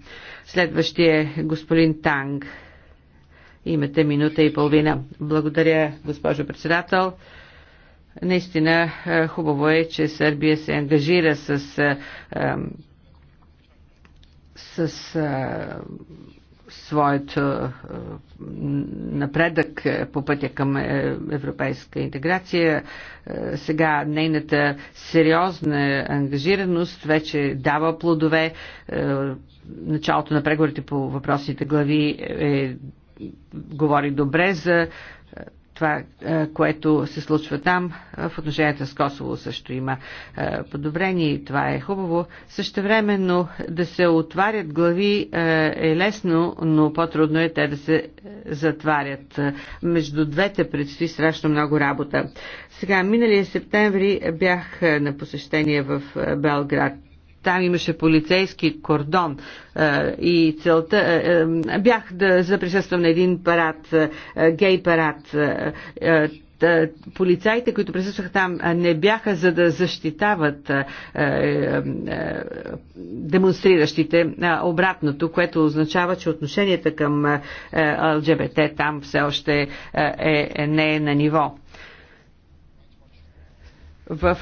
Следващия е господин Танг. Имате минута и половина. Благодаря, госпожо председател. Наистина хубаво е, че Сърбия се ангажира с с а, своето а, напредък по пътя към европейска интеграция. А, сега нейната сериозна ангажираност вече дава плодове. А, началото на преговорите по въпросните глави е, говори добре за това, е, което се случва там. Е, в отношенията с Косово също има е, подобрение и това е хубаво. Същевременно да се отварят глави е лесно, но по-трудно е те да се затварят. Между двете предстои страшно много работа. Сега, миналия септември бях на посещение в Белград там имаше полицейски кордон е, и целта е, е, бях да, за да присъствам на един парад, гей парад. Полицаите, които присъстваха там, не бяха за да защитават демонстриращите. Обратното, което означава, че отношенията към ЛГБТ там все още е, не е на ниво. В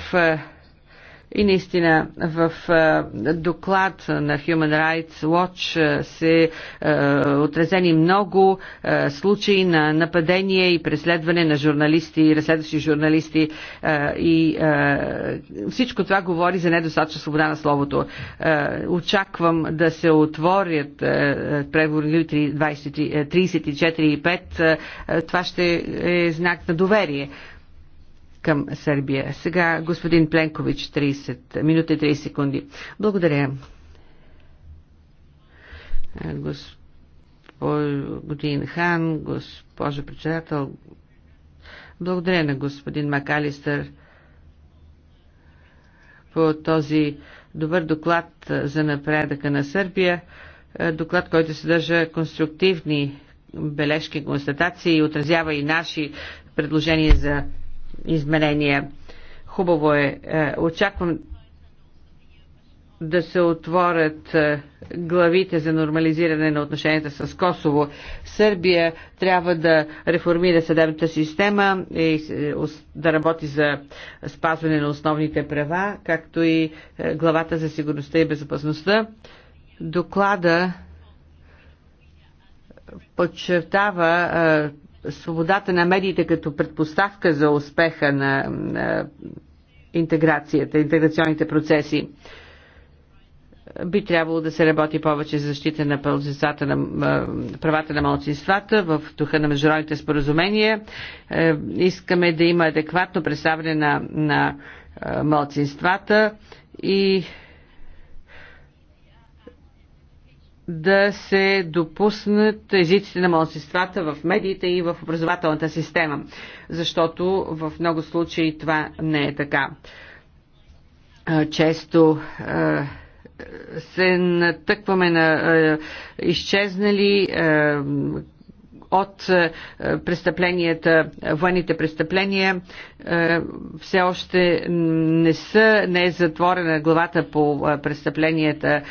и наистина в доклад на Human Rights Watch се отразени много случаи на нападение и преследване на журналисти, разследващи журналисти и всичко това говори за недостатъчна свобода на словото. Очаквам да се отворят преговори 34 и 5. Това ще е знак на доверие към Сърбия. Сега господин Пленкович, 30, минути и 30 секунди. Благодаря. Господин Хан, госпожо председател, благодаря на господин Макалистър по този добър доклад за напредъка на Сърбия, доклад, който съдържа конструктивни бележки, констатации и отразява и наши предложения за изменения. Хубаво е, е. Очаквам да се отворят е, главите за нормализиране на отношенията с Косово. Сърбия трябва да реформира съдебната система и е, да работи за спазване на основните права, както и главата за сигурността и безопасността. Доклада подчертава свободата на медиите като предпоставка за успеха на, на интеграцията, интеграционните процеси. Би трябвало да се работи повече за защита на, на правата на малцинствата в духа на международните споразумения. Е, искаме да има адекватно представяне на, на малцинствата и да се допуснат езиците на младсинствата в медиите и в образователната система, защото в много случаи това не е така. Често се натъкваме на изчезнали от е, престъпленията, военните престъпления. Е, все още не, са, не е затворена главата по е, престъпленията,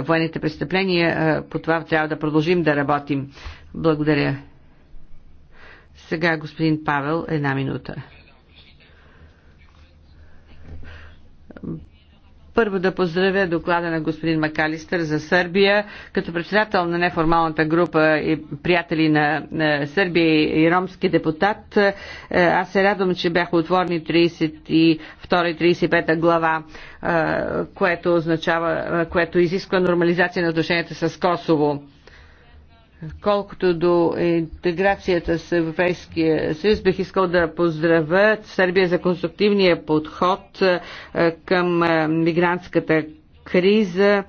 военните престъпления. По това трябва да продължим да работим. Благодаря. Сега господин Павел, една минута. Първо да поздравя доклада на господин Макалистър за Сърбия. Като председател на неформалната група и приятели на Сърбия и ромски депутат, е, аз се радвам, че бяха отворни 32 и 35 глава, е, което, означава, е, което изисква нормализация на отношенията с Косово Колкото до интеграцията с Европейския съюз, бих искал да поздравя Сърбия за конструктивния подход към мигрантската криза.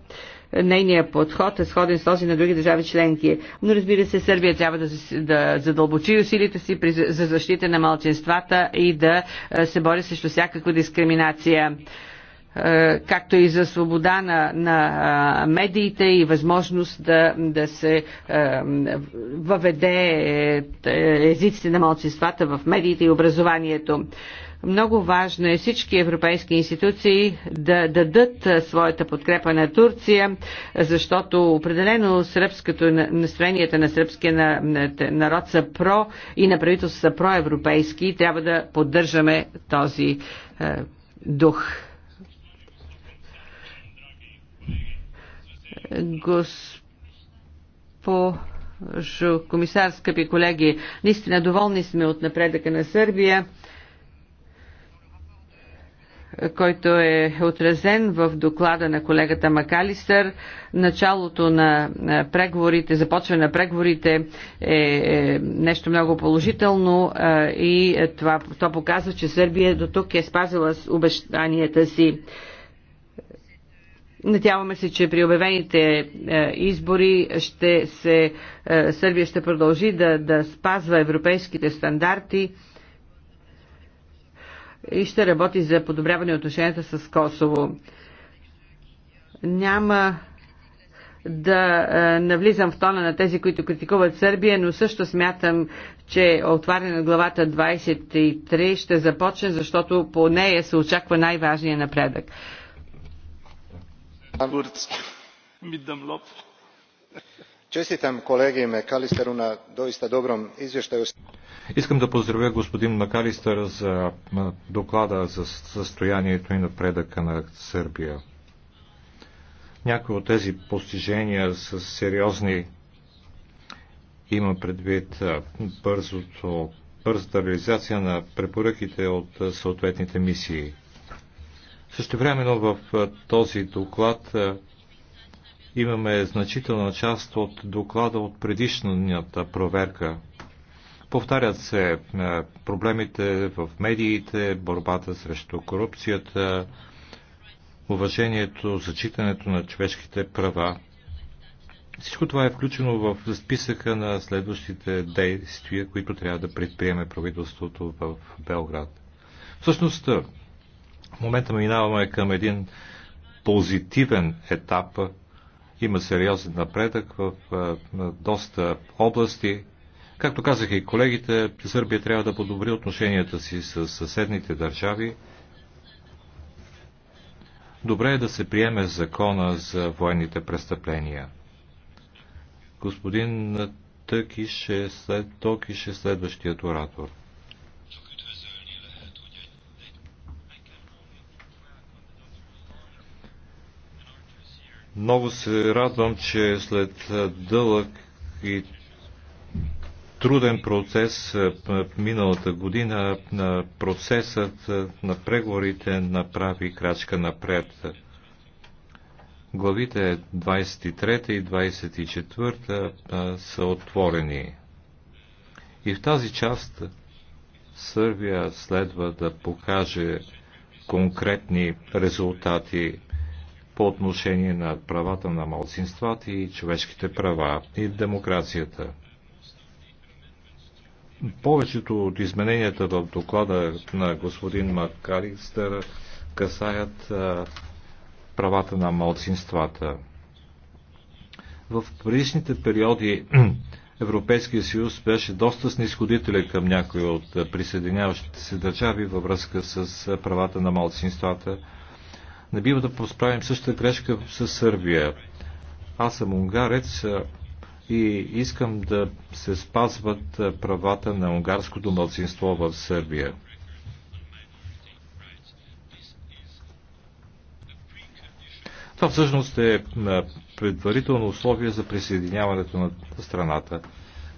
Нейният подход е сходен с този на други държави членки. Но разбира се, Сърбия трябва да, да задълбочи усилите си за защита на малчинствата и да се бори срещу всякаква дискриминация. Е, както и за свобода на, на медиите и възможност да, да се е, въведе е, езиците на младсинствата в медиите и образованието много важно е всички европейски институции да дадат своята подкрепа на Турция, защото определено сръбското, настроенията на сръбския народ са про и на правителството са проевропейски и трябва да поддържаме този дух. госпожо комисар, скъпи колеги, наистина доволни сме от напредъка на Сърбия който е отразен в доклада на колегата Макалистър. Началото на преговорите, започване на преговорите е, е нещо много положително и това, то показва, че Сърбия до тук е спазила обещанията си. Надяваме се, че при обявените е, избори ще се, е, Сърбия ще продължи да, да спазва европейските стандарти и ще работи за подобряване отношенията с Косово. Няма да е, навлизам в тона на тези, които критикуват Сърбия, но също смятам, че отваряне на главата 23 ще започне, защото по нея се очаква най-важният напредък čestitam kolegi mcallisteru na doista dobrom izvještaju. Искам да поздравя господин Макалистър за доклада за състоянието и напредъка на Сърбия. Някои от тези постижения са сериозни. Има предвид бързото, бързата реализация на препоръките от съответните мисии – също времено в този доклад имаме значителна част от доклада от предишната проверка. Повтарят се проблемите в медиите, борбата срещу корупцията, уважението, зачитането на човешките права. Всичко това е включено в списъка на следващите действия, които трябва да предприеме правителството в Белград. Всъщност, в момента минаваме към един позитивен етап. Има сериозен напредък в доста области. Както казах и колегите, Сърбия трябва да подобри отношенията си с съседните държави. Добре е да се приеме закона за военните престъпления. Господин Тъкиш е, след, Токиш е следващият оратор. Много се радвам, че след дълъг и труден процес миналата година, процесът на преговорите направи крачка напред. Главите 23 и 24 са отворени. И в тази част Сърбия следва да покаже конкретни резултати по отношение на правата на малцинствата и човешките права и демокрацията. Повечето от измененията в доклада на господин Макалистър касаят правата на малцинствата. В предишните периоди Европейския съюз беше доста снисходителен към някои от присъединяващите се държави във връзка с правата на малцинствата не бива да просправим същата грешка с Сърбия. Аз съм унгарец и искам да се спазват правата на унгарското мълцинство в Сърбия. Това всъщност е предварително условие за присъединяването на страната.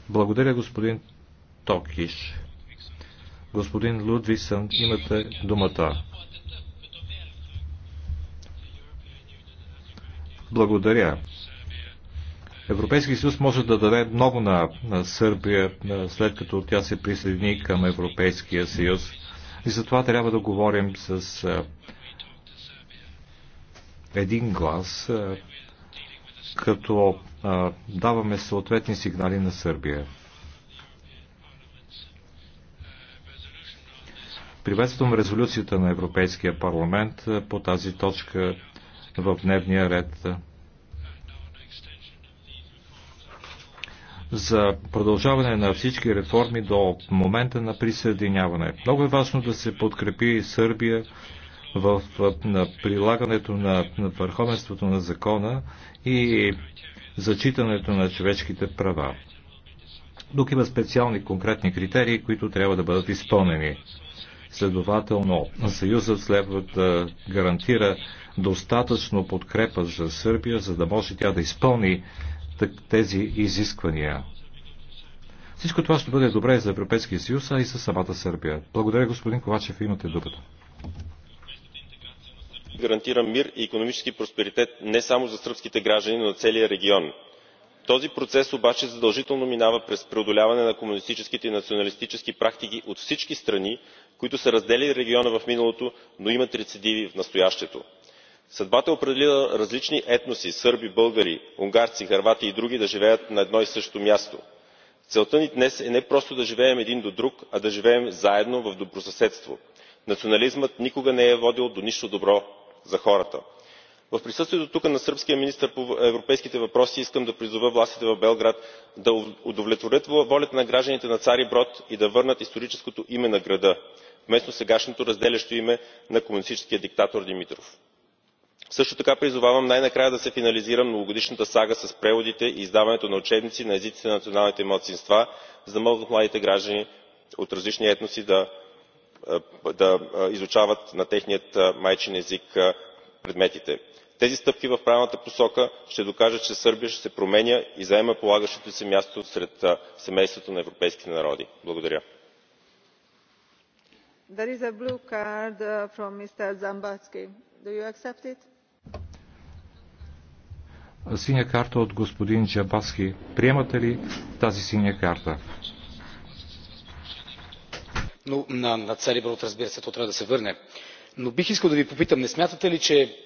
Благодаря, господин Токиш. Господин Лудвисън, имате думата. Благодаря. Европейски съюз може да даде много на, на Сърбия, след като тя се присъедини към Европейския съюз. И за това трябва да говорим с а, един глас, а, като а, даваме съответни сигнали на Сърбия. Приветствам резолюцията на Европейския парламент по тази точка в дневния ред. за продължаване на всички реформи до момента на присъединяване. Много е важно да се подкрепи Сърбия в на прилагането на, на върховенството на закона и зачитането на човешките права. Тук има специални конкретни критерии, които трябва да бъдат изпълнени. Следователно, Съюзът следва да гарантира достатъчно подкрепа за Сърбия, за да може тя да изпълни тези изисквания. Всичко това ще бъде добре за Европейския съюз, а и за самата Сърбия. Благодаря, господин Ковачев, имате думата. Гарантира мир и економически просперитет не само за сръбските граждани, но на целия регион този процес обаче задължително минава през преодоляване на комунистическите и националистически практики от всички страни които са разделяли региона в миналото но имат рецидиви в настоящето. съдбата е определила различни етноси сърби българи унгарци хървати и други да живеят на едно и също място. целта ни днес е не просто да живеем един до друг а да живеем заедно в добросъседство. национализмът никога не е водил до нищо добро за хората в присъствието тук на сръбския министър по европейските въпроси искам да призова властите в белград да удовлетворят волята на гражданите на цари брод и да върнат историческото име на града вместо сегашното разделящо име на комунистическия диктатор димитров. също така призовавам най накрая да се финализира многогодишната сага с преводите и издаването на учебници на езиците на националните малцинства за да могат младите граждани от различни етноси да изучават на техния майчин език предметите тези стъпки в правилната посока ще докажат че сърбия ще се променя и заема полагащото й се място сред семейството на европейските народи. благодаря. Uh, синя карта от господин Джабаски Приемате ли тази синя карта? на, на царя разбира се, то трябва да се върне. Но бих искал да ви попитам, не смятате ли, че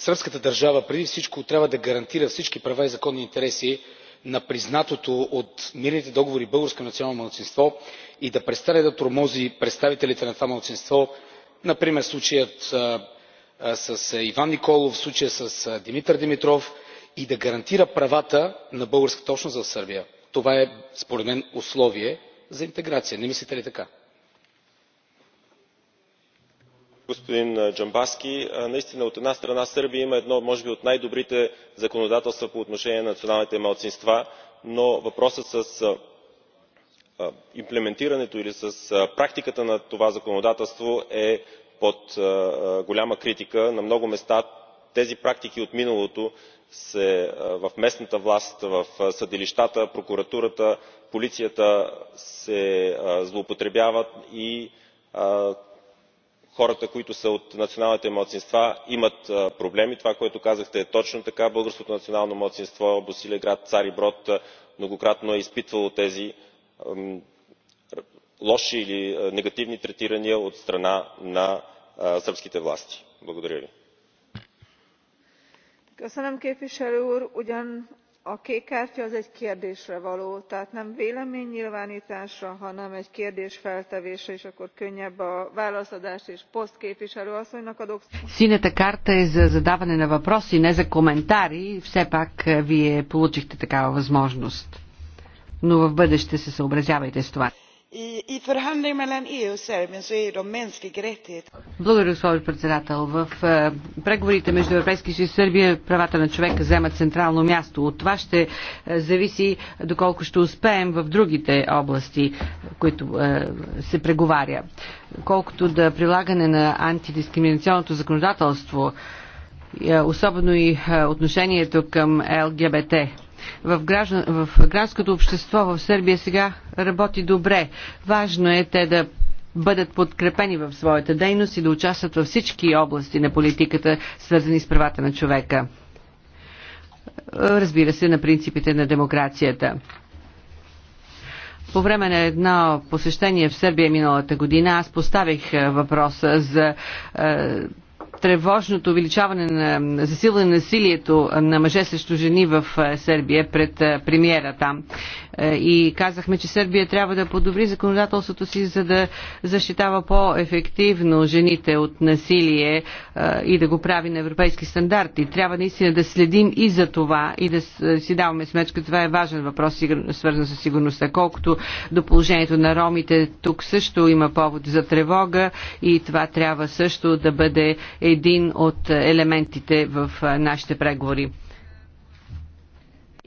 сръбската държава преди всичко трябва да гарантира всички права и законни интереси на признатото от мирните договори българско национално малцинство и да престане да тормози представителите на това малцинство например случаят с иван николов случаят с димитър димитров и да гарантира правата на българската общност в сърбия. това е според мен условие за интеграция. не мислите ли така? господин джамбазки наистина от една страна сърбия има едно може би от най добрите законодателства по отношение на националните малцинства но въпросът с имплементирането или с практиката на това законодателство е под голяма критика. на много места тези практики от миналото в местната власт в съдилищата прокуратурата полицията се злоупотребяват и хората които са от националните малцинства имат проблеми. това което казахте е точно така. българското национално малцинство босилеград цар и брод многократно е изпитвало тези лоши или негативни третирания от страна на сръбските власти. благодаря ви a kék kártya az egy kérdésre való tehát nem véleménynyilvántásra hanem egy kérdés feltevésre és akkor könnyebb a válaszadás és post képviselő asszonynak adok. Синята карта е за задаване на въпроси, не за коментари. Все пак вие получихте такава възможност. Но в бъдеще се съобразявайте с това. E Благодаря, госпожо председател. В е, преговорите между Европейския съюз и Сърбия правата на човека вземат централно място. От това ще е, зависи доколко ще успеем в другите области, които е, се преговаря. Колкото да прилагане на антидискриминационното законодателство, особено и отношението към ЛГБТ в, граждан, в гражданското общество в Сърбия сега работи добре. Важно е те да бъдат подкрепени в своята дейност и да участват във всички области на политиката, свързани с правата на човека. Разбира се, на принципите на демокрацията. По време на едно посещение в Сърбия миналата година аз поставих въпроса за тревожното увеличаване на засилване на насилието на мъже срещу жени в е, Сърбия пред е, премиера там. Е, и казахме, че Сърбия трябва да подобри законодателството си, за да защитава по-ефективно жените от насилие е, и да го прави на европейски стандарти. Трябва наистина да следим и за това и да е, си даваме сметка, това е важен въпрос, свързан с сигурността. Колкото до положението на ромите, тук също има повод за тревога и това трябва също да бъде един от елементите в нашите преговори.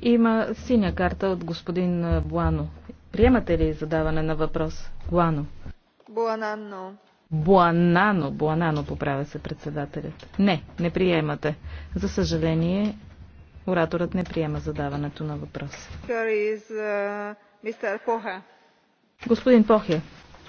Има синя карта от господин Буано. Приемате ли задаване на въпрос? Буано. Буанано. Буанано, Буанано, поправя се председателят. Не, не приемате. За съжаление, ораторът не приема задаването на въпрос. Is, uh, Господин Похе.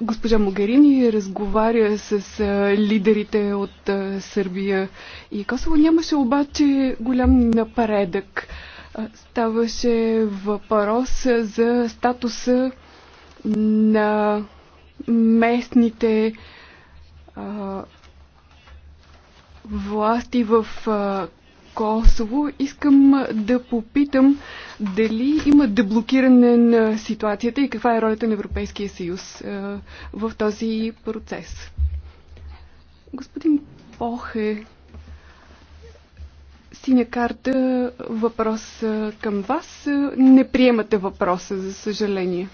госпожа Могерини разговаря с а, лидерите от а, Сърбия и Косово. Нямаше обаче голям напредък. А, ставаше въпрос за статуса на местните а, власти в а, Косово, искам да попитам дали има деблокиране на ситуацията и каква е ролята на Европейския съюз в този процес. Господин Похе, синя карта, въпрос към вас. Не приемате въпроса, за съжаление.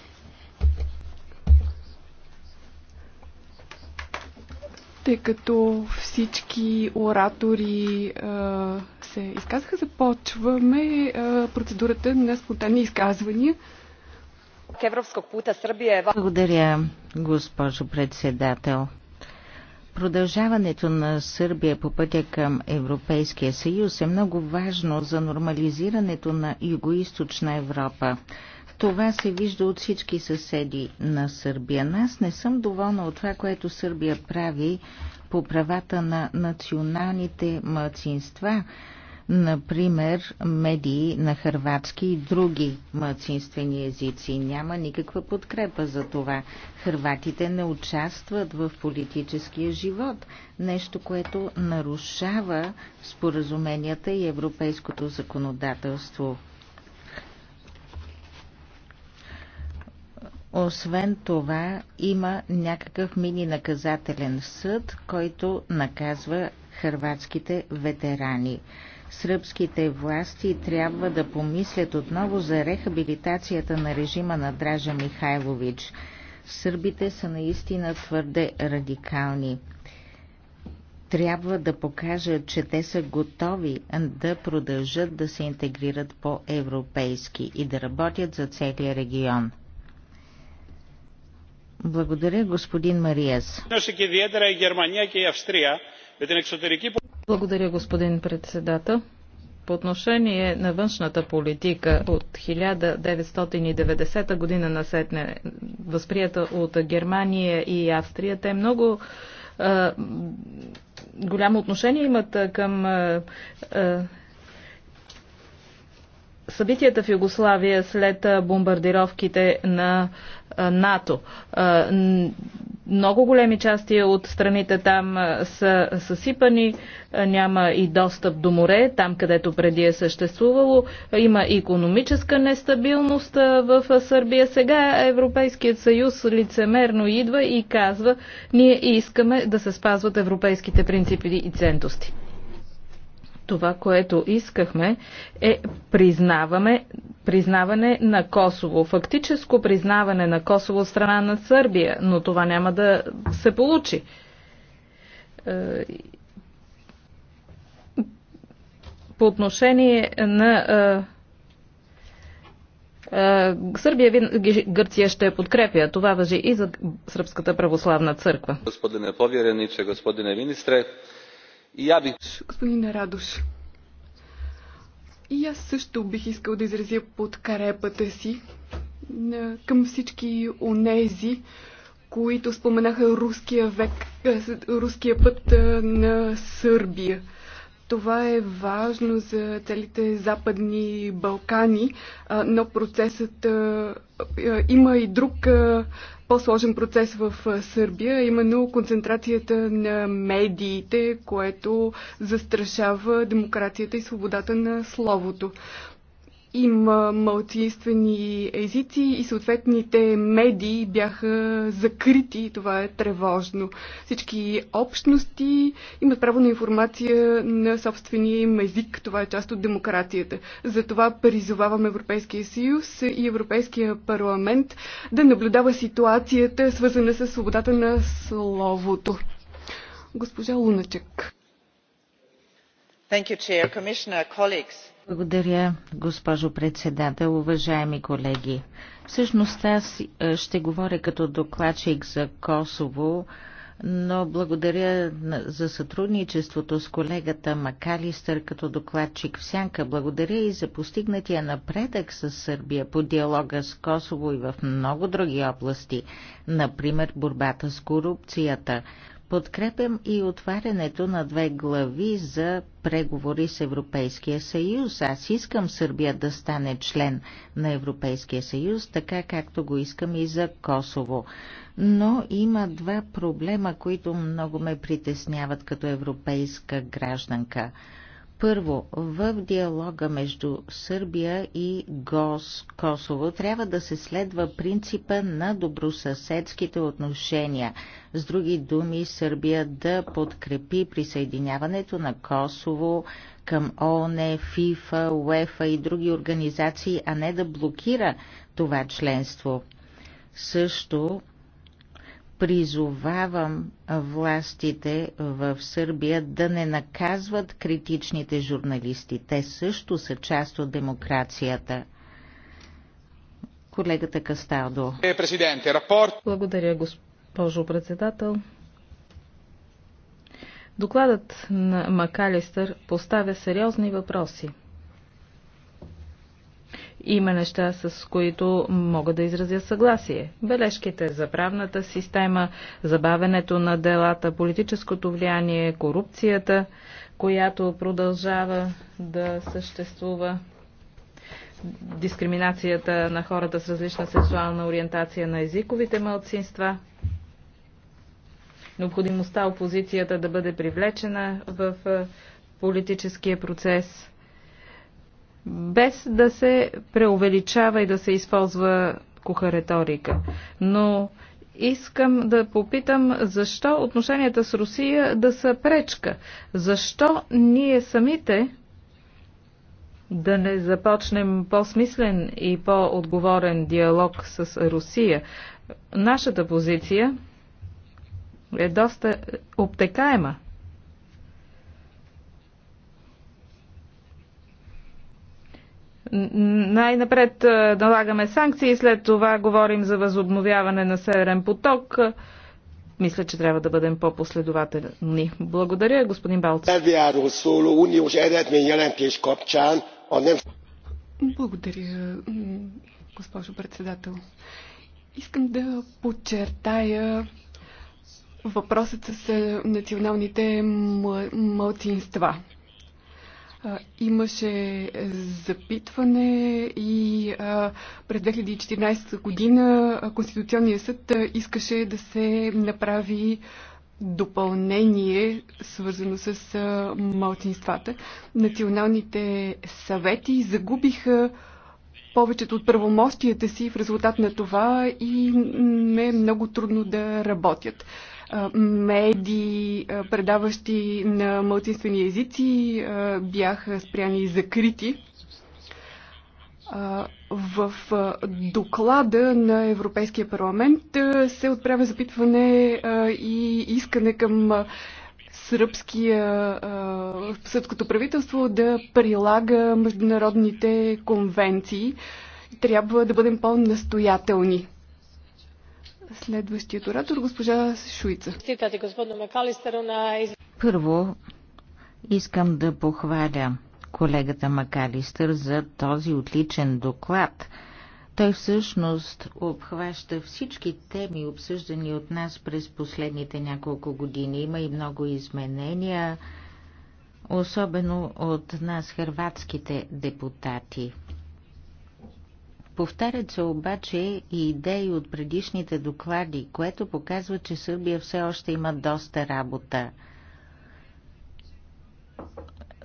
тъй като всички оратори се изказаха. Започваме процедурата на спонтанни изказвания. пута Сърбия е Благодаря, госпожо председател. Продължаването на Сърбия по пътя към Европейския съюз е много важно за нормализирането на Юго-Источна Европа. Това се вижда от всички съседи на Сърбия. Нас не съм доволна от това, което Сърбия прави по правата на националните мълцинства, например, медии на хърватски и други мъцинствени езици. Няма никаква подкрепа за това. Хърватите не участват в политическия живот, нещо, което нарушава споразуменията и европейското законодателство. Освен това, има някакъв мини наказателен съд, който наказва хърватските ветерани. Сръбските власти трябва да помислят отново за рехабилитацията на режима на Дража Михайлович. Сърбите са наистина твърде радикални. Трябва да покажат, че те са готови да продължат да се интегрират по-европейски и да работят за целия регион. Благодаря, господин Мариас. Германия и Австрия, благодаря, господин председател. По отношение на външната политика от 1990 година насетне, възприята от Германия и Австрия, те много а, голямо отношение имат към а, събитията в Югославия след бомбардировките на НАТО. Много големи части от страните там са съсипани, няма и достъп до море, там където преди е съществувало. Има и економическа нестабилност в Сърбия. Сега Европейският съюз лицемерно идва и казва, ние искаме да се спазват европейските принципи и ценности. Това, което искахме е признаваме, признаване на Косово. Фактическо признаване на Косово страна на Сърбия, но това няма да се получи. Е, по отношение на е, е, Сърбия винаги Гърция ще подкрепя. Това въжи и за Сръбската православна църква. Господине повjereniče, господине министре, и я бих... Господин Радош, и аз също бих искал да изразя подкрепата си към всички онези, които споменаха руския век, руския път на Сърбия. Това е важно за целите Западни Балкани, но процесът има и друг по-сложен процес в Сърбия, именно концентрацията на медиите, което застрашава демокрацията и свободата на словото има малцинствени езици и съответните медии бяха закрити. Това е тревожно. Всички общности имат право на информация на собствения им език. Това е част от демокрацията. Затова призовавам Европейския съюз и Европейския парламент да наблюдава ситуацията, свързана с свободата на словото. Госпожа Луначек. Thank you, Chair. Commissioner, colleagues благодаря, госпожо председател, уважаеми колеги. Всъщност аз е, ще говоря като докладчик за Косово, но благодаря за сътрудничеството с колегата Макалистър като докладчик в Сянка. Благодаря и за постигнатия напредък с Сърбия по диалога с Косово и в много други области, например борбата с корупцията. Подкрепям и отварянето на две глави за преговори с Европейския съюз. Аз искам Сърбия да стане член на Европейския съюз, така както го искам и за Косово. Но има два проблема, които много ме притесняват като европейска гражданка – първо, в диалога между Сърбия и ГОС Косово трябва да се следва принципа на добросъседските отношения. С други думи, Сърбия да подкрепи присъединяването на Косово към ООН, ФИФА, УЕФА и други организации, а не да блокира това членство. Също призовавам властите в Сърбия да не наказват критичните журналисти. Те също са част от демокрацията. Колегата Касталдо. Е, Благодаря, госпожо председател. Докладът на Макалистър поставя сериозни въпроси има неща, с които мога да изразя съгласие. Бележките за правната система, забавенето на делата, политическото влияние, корупцията, която продължава да съществува дискриминацията на хората с различна сексуална ориентация на езиковите мълцинства, необходимостта опозицията да бъде привлечена в политическия процес, без да се преувеличава и да се използва куха риторика. Но искам да попитам защо отношенията с Русия да са пречка. Защо ние самите да не започнем по-смислен и по-отговорен диалог с Русия. Нашата позиция е доста обтекаема. Най-напред е, налагаме санкции, след това говорим за възобновяване на Северен поток. Мисля, че трябва да бъдем по-последователни. Благодаря, господин Балц. Благодаря, госпожо председател. Искам да подчертая въпросът с е, националните мълцинства. Имаше запитване и през 2014 година Конституционният съд искаше да се направи допълнение, свързано с малцинствата. Националните съвети загубиха повечето от правомощията си в резултат на това и ме е много трудно да работят медии, предаващи на мълцинствени езици, бяха спряни и закрити. В доклада на Европейския парламент се отправя запитване и искане към сръбския, сръбското правителство да прилага международните конвенции. Трябва да бъдем по-настоятелни. Следващият оратор, госпожа Шуица. Първо, искам да похваля колегата Макалистър за този отличен доклад. Той всъщност обхваща всички теми, обсъждани от нас през последните няколко години. Има и много изменения, особено от нас, хрватските депутати. Повтарят се обаче и идеи от предишните доклади, което показва, че Сърбия все още има доста работа.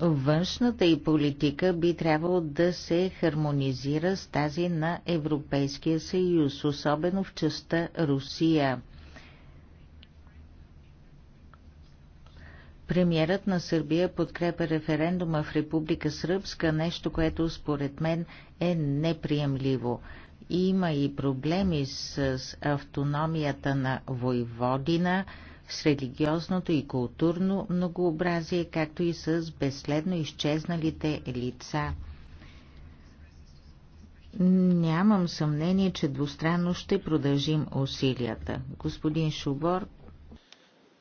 Външната и политика би трябвало да се хармонизира с тази на Европейския съюз, особено в частта Русия – Премьерът на Сърбия подкрепя референдума в Република Сръбска, нещо, което според мен е неприемливо. Има и проблеми с автономията на Войводина, с религиозното и културно многообразие, както и с безследно изчезналите лица. Нямам съмнение, че двустранно ще продължим усилията. Господин Шубор.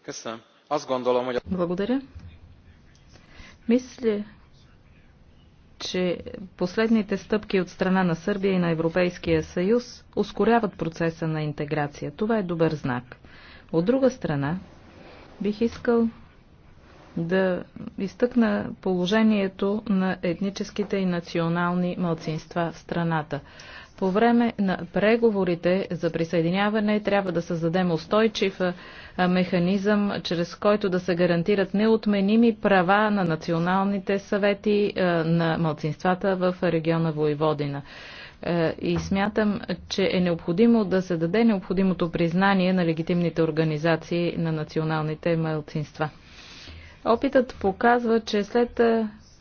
Къса. Аз гондолам, Благодаря. Мисля, че последните стъпки от страна на Сърбия и на Европейския съюз ускоряват процеса на интеграция. Това е добър знак. От друга страна, бих искал да изтъкна положението на етническите и национални мълцинства в страната. По време на преговорите за присъединяване трябва да създадем устойчив механизъм, чрез който да се гарантират неотменими права на националните съвети на младсинствата в региона Войводина. и смятам, че е необходимо да се даде необходимото признание на легитимните организации на националните младсинства. Опитът показва, че след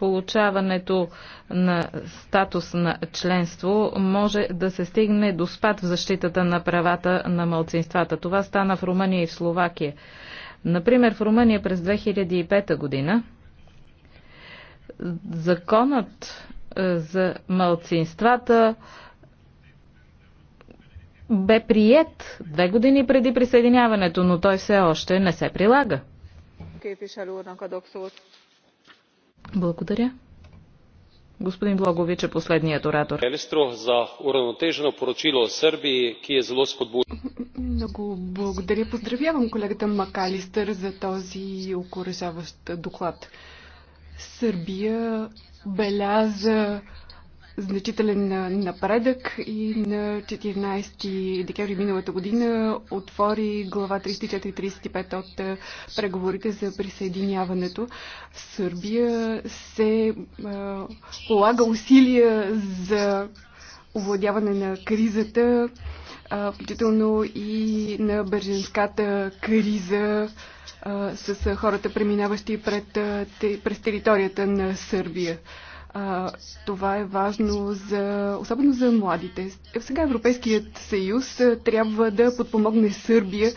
получаването на статус на членство може да се стигне до спад в защитата на правата на малцинствата. Това стана в Румъния и в Словакия. Например, в Румъния през 2005 година законът е, за малцинствата бе прият две години преди присъединяването, но той все още не се прилага. Благодаря. Господин Благович е последният оратор. за уравнотежено поручило Сърбии, ки е зло сподбуд... Много благодаря. Поздравявам колегата Макалистър за този окоръжаващ доклад. Сърбия беляза значителен напредък и на 14 декември миналата година отвори глава 34-35 от преговорите за присъединяването. В Сърбия се а, полага усилия за овладяване на кризата, а, включително и на бърженската криза а, с хората, преминаващи пред, през територията на Сърбия. А, това е важно за, особено за младите. Сега Европейският съюз трябва да подпомогне Сърбия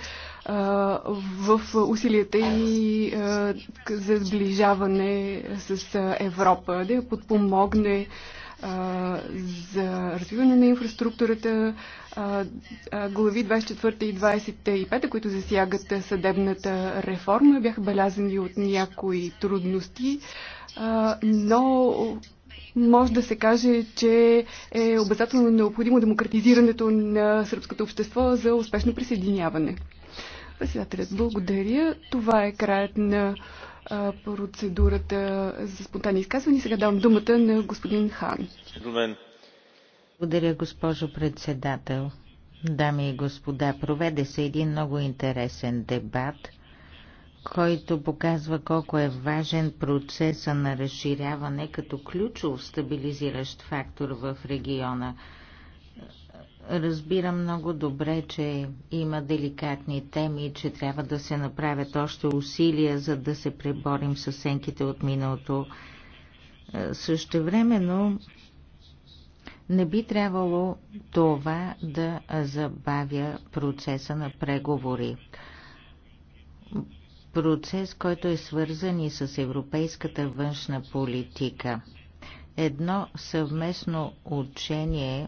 в усилията и за сближаване с Европа, да я подпомогне за развиване на инфраструктурата, глави 24 и 25, които засягат съдебната реформа, бяха белязани от някои трудности но може да се каже, че е обязателно необходимо демократизирането на сръбското общество за успешно присъединяване. Председателят, благодаря. Това е краят на процедурата за спонтанни изказвания. Сега давам думата на господин Хан. Благодаря, госпожо председател. Дами и господа, проведе се един много интересен дебат – който показва колко е важен процеса на разширяване като ключов стабилизиращ фактор в региона. Разбира много добре, че има деликатни теми, че трябва да се направят още усилия, за да се преборим с сенките от миналото. Е, същевременно не би трябвало това да забавя процеса на преговори процес, който е свързан и с европейската външна политика. Едно съвместно учение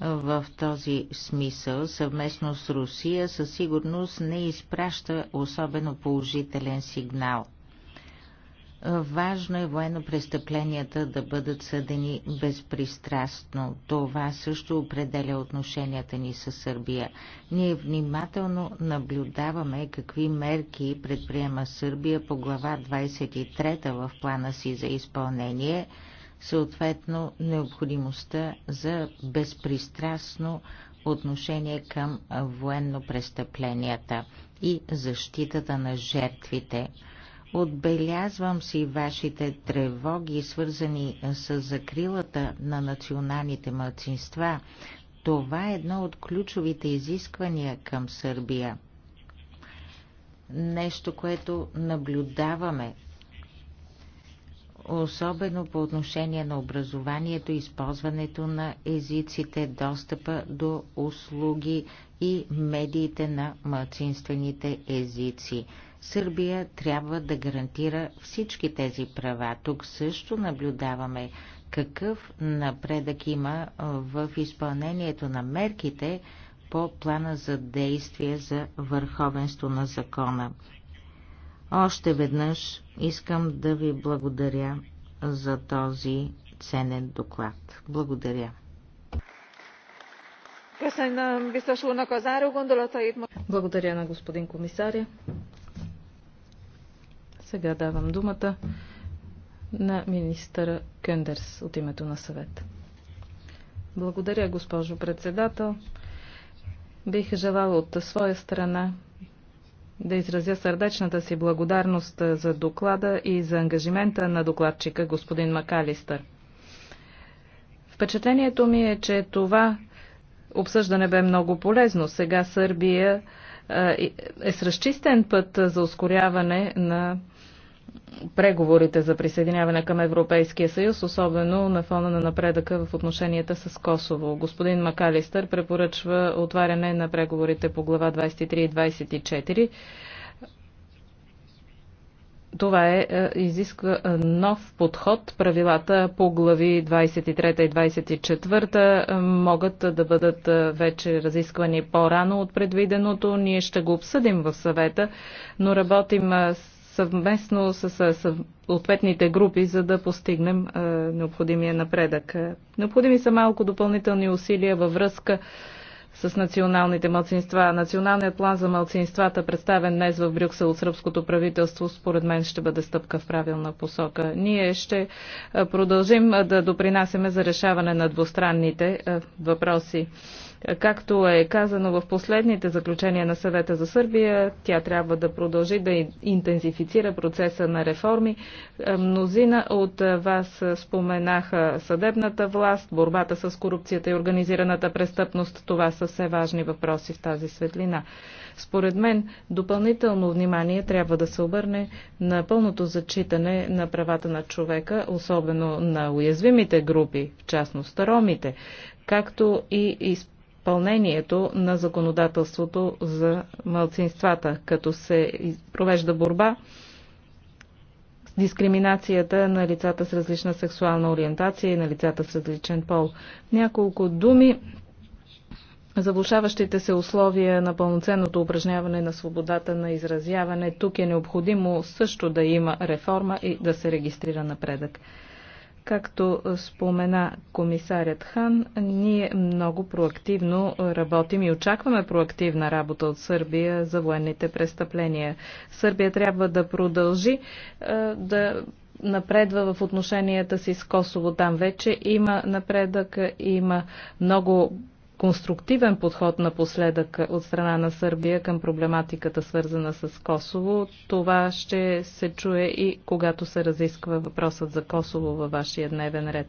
в този смисъл, съвместно с Русия, със сигурност не изпраща особено положителен сигнал. Важно е военно престъпленията да бъдат съдени безпристрастно. Това също определя отношенията ни с Сърбия. Ние внимателно наблюдаваме какви мерки предприема Сърбия по глава 23 в плана си за изпълнение, съответно необходимостта за безпристрастно отношение към военно престъпленията и защитата на жертвите. Отбелязвам си вашите тревоги, свързани с закрилата на националните младсинства. Това е едно от ключовите изисквания към Сърбия. Нещо, което наблюдаваме, особено по отношение на образованието, използването на езиците, достъпа до услуги и медиите на младсинствените езици. Сърбия трябва да гарантира всички тези права. Тук също наблюдаваме какъв напредък има в изпълнението на мерките по плана за действие за върховенство на закона. Още веднъж искам да ви благодаря за този ценен доклад. Благодаря. Благодаря на господин комисаря. Сега давам думата на министъра Кендерс от името на съвет. Благодаря, госпожо председател. Бих желала от своя страна да изразя сърдечната си благодарност за доклада и за ангажимента на докладчика господин Макалистър. Впечатлението ми е, че това обсъждане бе много полезно. Сега Сърбия е с разчистен път за ускоряване на преговорите за присъединяване към Европейския съюз, особено на фона на напредъка в отношенията с Косово. Господин Макалистър препоръчва отваряне на преговорите по глава 23 и 24. Това е, е, изисква нов подход. Правилата по глави 23 и 24 е, могат да бъдат е, вече разисквани по-рано от предвиденото. Ние ще го обсъдим в съвета, но работим с съвместно с ответните групи, за да постигнем е, необходимия напредък. Е, необходими са малко допълнителни усилия във връзка с националните мълцинства. Националният план за мълцинствата, представен днес в Брюксел от сръбското правителство, според мен ще бъде стъпка в правилна посока. Ние ще е, продължим да допринасяме за решаване на двустранните въпроси. Както е казано в последните заключения на съвета за Сърбия, тя трябва да продължи да интензифицира процеса на реформи. Е, мнозина от е, вас споменаха съдебната власт, борбата с корупцията и организираната престъпност. Това са все важни въпроси в тази светлина. Според мен, допълнително внимание трябва да се обърне на пълното зачитане на правата на човека, особено на уязвимите групи, в частност ромите, както и изпълнението изпълнението на законодателството за малцинствата, като се провежда борба с дискриминацията на лицата с различна сексуална ориентация и на лицата с различен пол. Няколко думи за влушаващите се условия на пълноценното упражняване на свободата на изразяване. Тук е необходимо също да има реформа и да се регистрира напредък. Както спомена комисарят Хан, ние много проактивно работим и очакваме проактивна работа от Сърбия за военните престъпления. Сърбия трябва да продължи е, да напредва в отношенията си с Косово. Там вече има напредък, има много конструктивен подход напоследък от страна на Сърбия към проблематиката свързана с Косово. Това ще се чуе и когато се разисква въпросът за Косово във вашия дневен ред.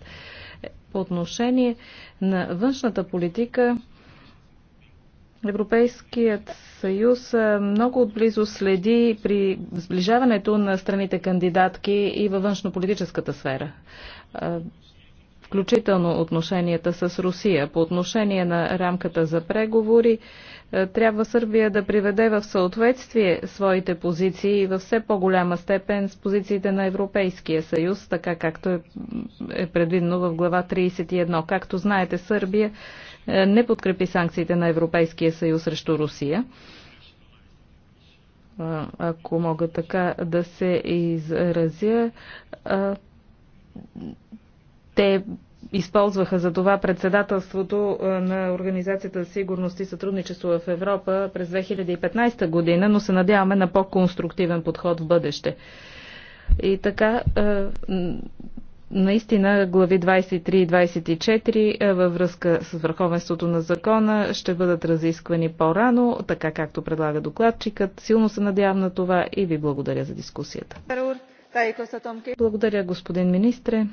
По отношение на външната политика, Европейският съюз много отблизо следи при сближаването на страните кандидатки и във външнополитическата сфера включително отношенията с Русия. По отношение на рамката за преговори, е, трябва Сърбия да приведе в съответствие своите позиции в все по-голяма степен с позициите на Европейския съюз, така както е, е предвидено в глава 31. Както знаете, Сърбия е, не подкрепи санкциите на Европейския съюз срещу Русия ако мога така да се изразя, те използваха за това председателството на Организацията за сигурност и сътрудничество в Европа през 2015 година, но се надяваме на по-конструктивен подход в бъдеще. И така, наистина глави 23 и 24 във връзка с върховенството на закона ще бъдат разисквани по-рано, така както предлага докладчикът. Силно се надявам на това и ви благодаря за дискусията. Благодаря, господин министре.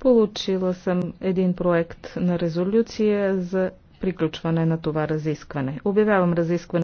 Получила съм един проект на резолюция за приключване на това разискване. Обявявам разискване.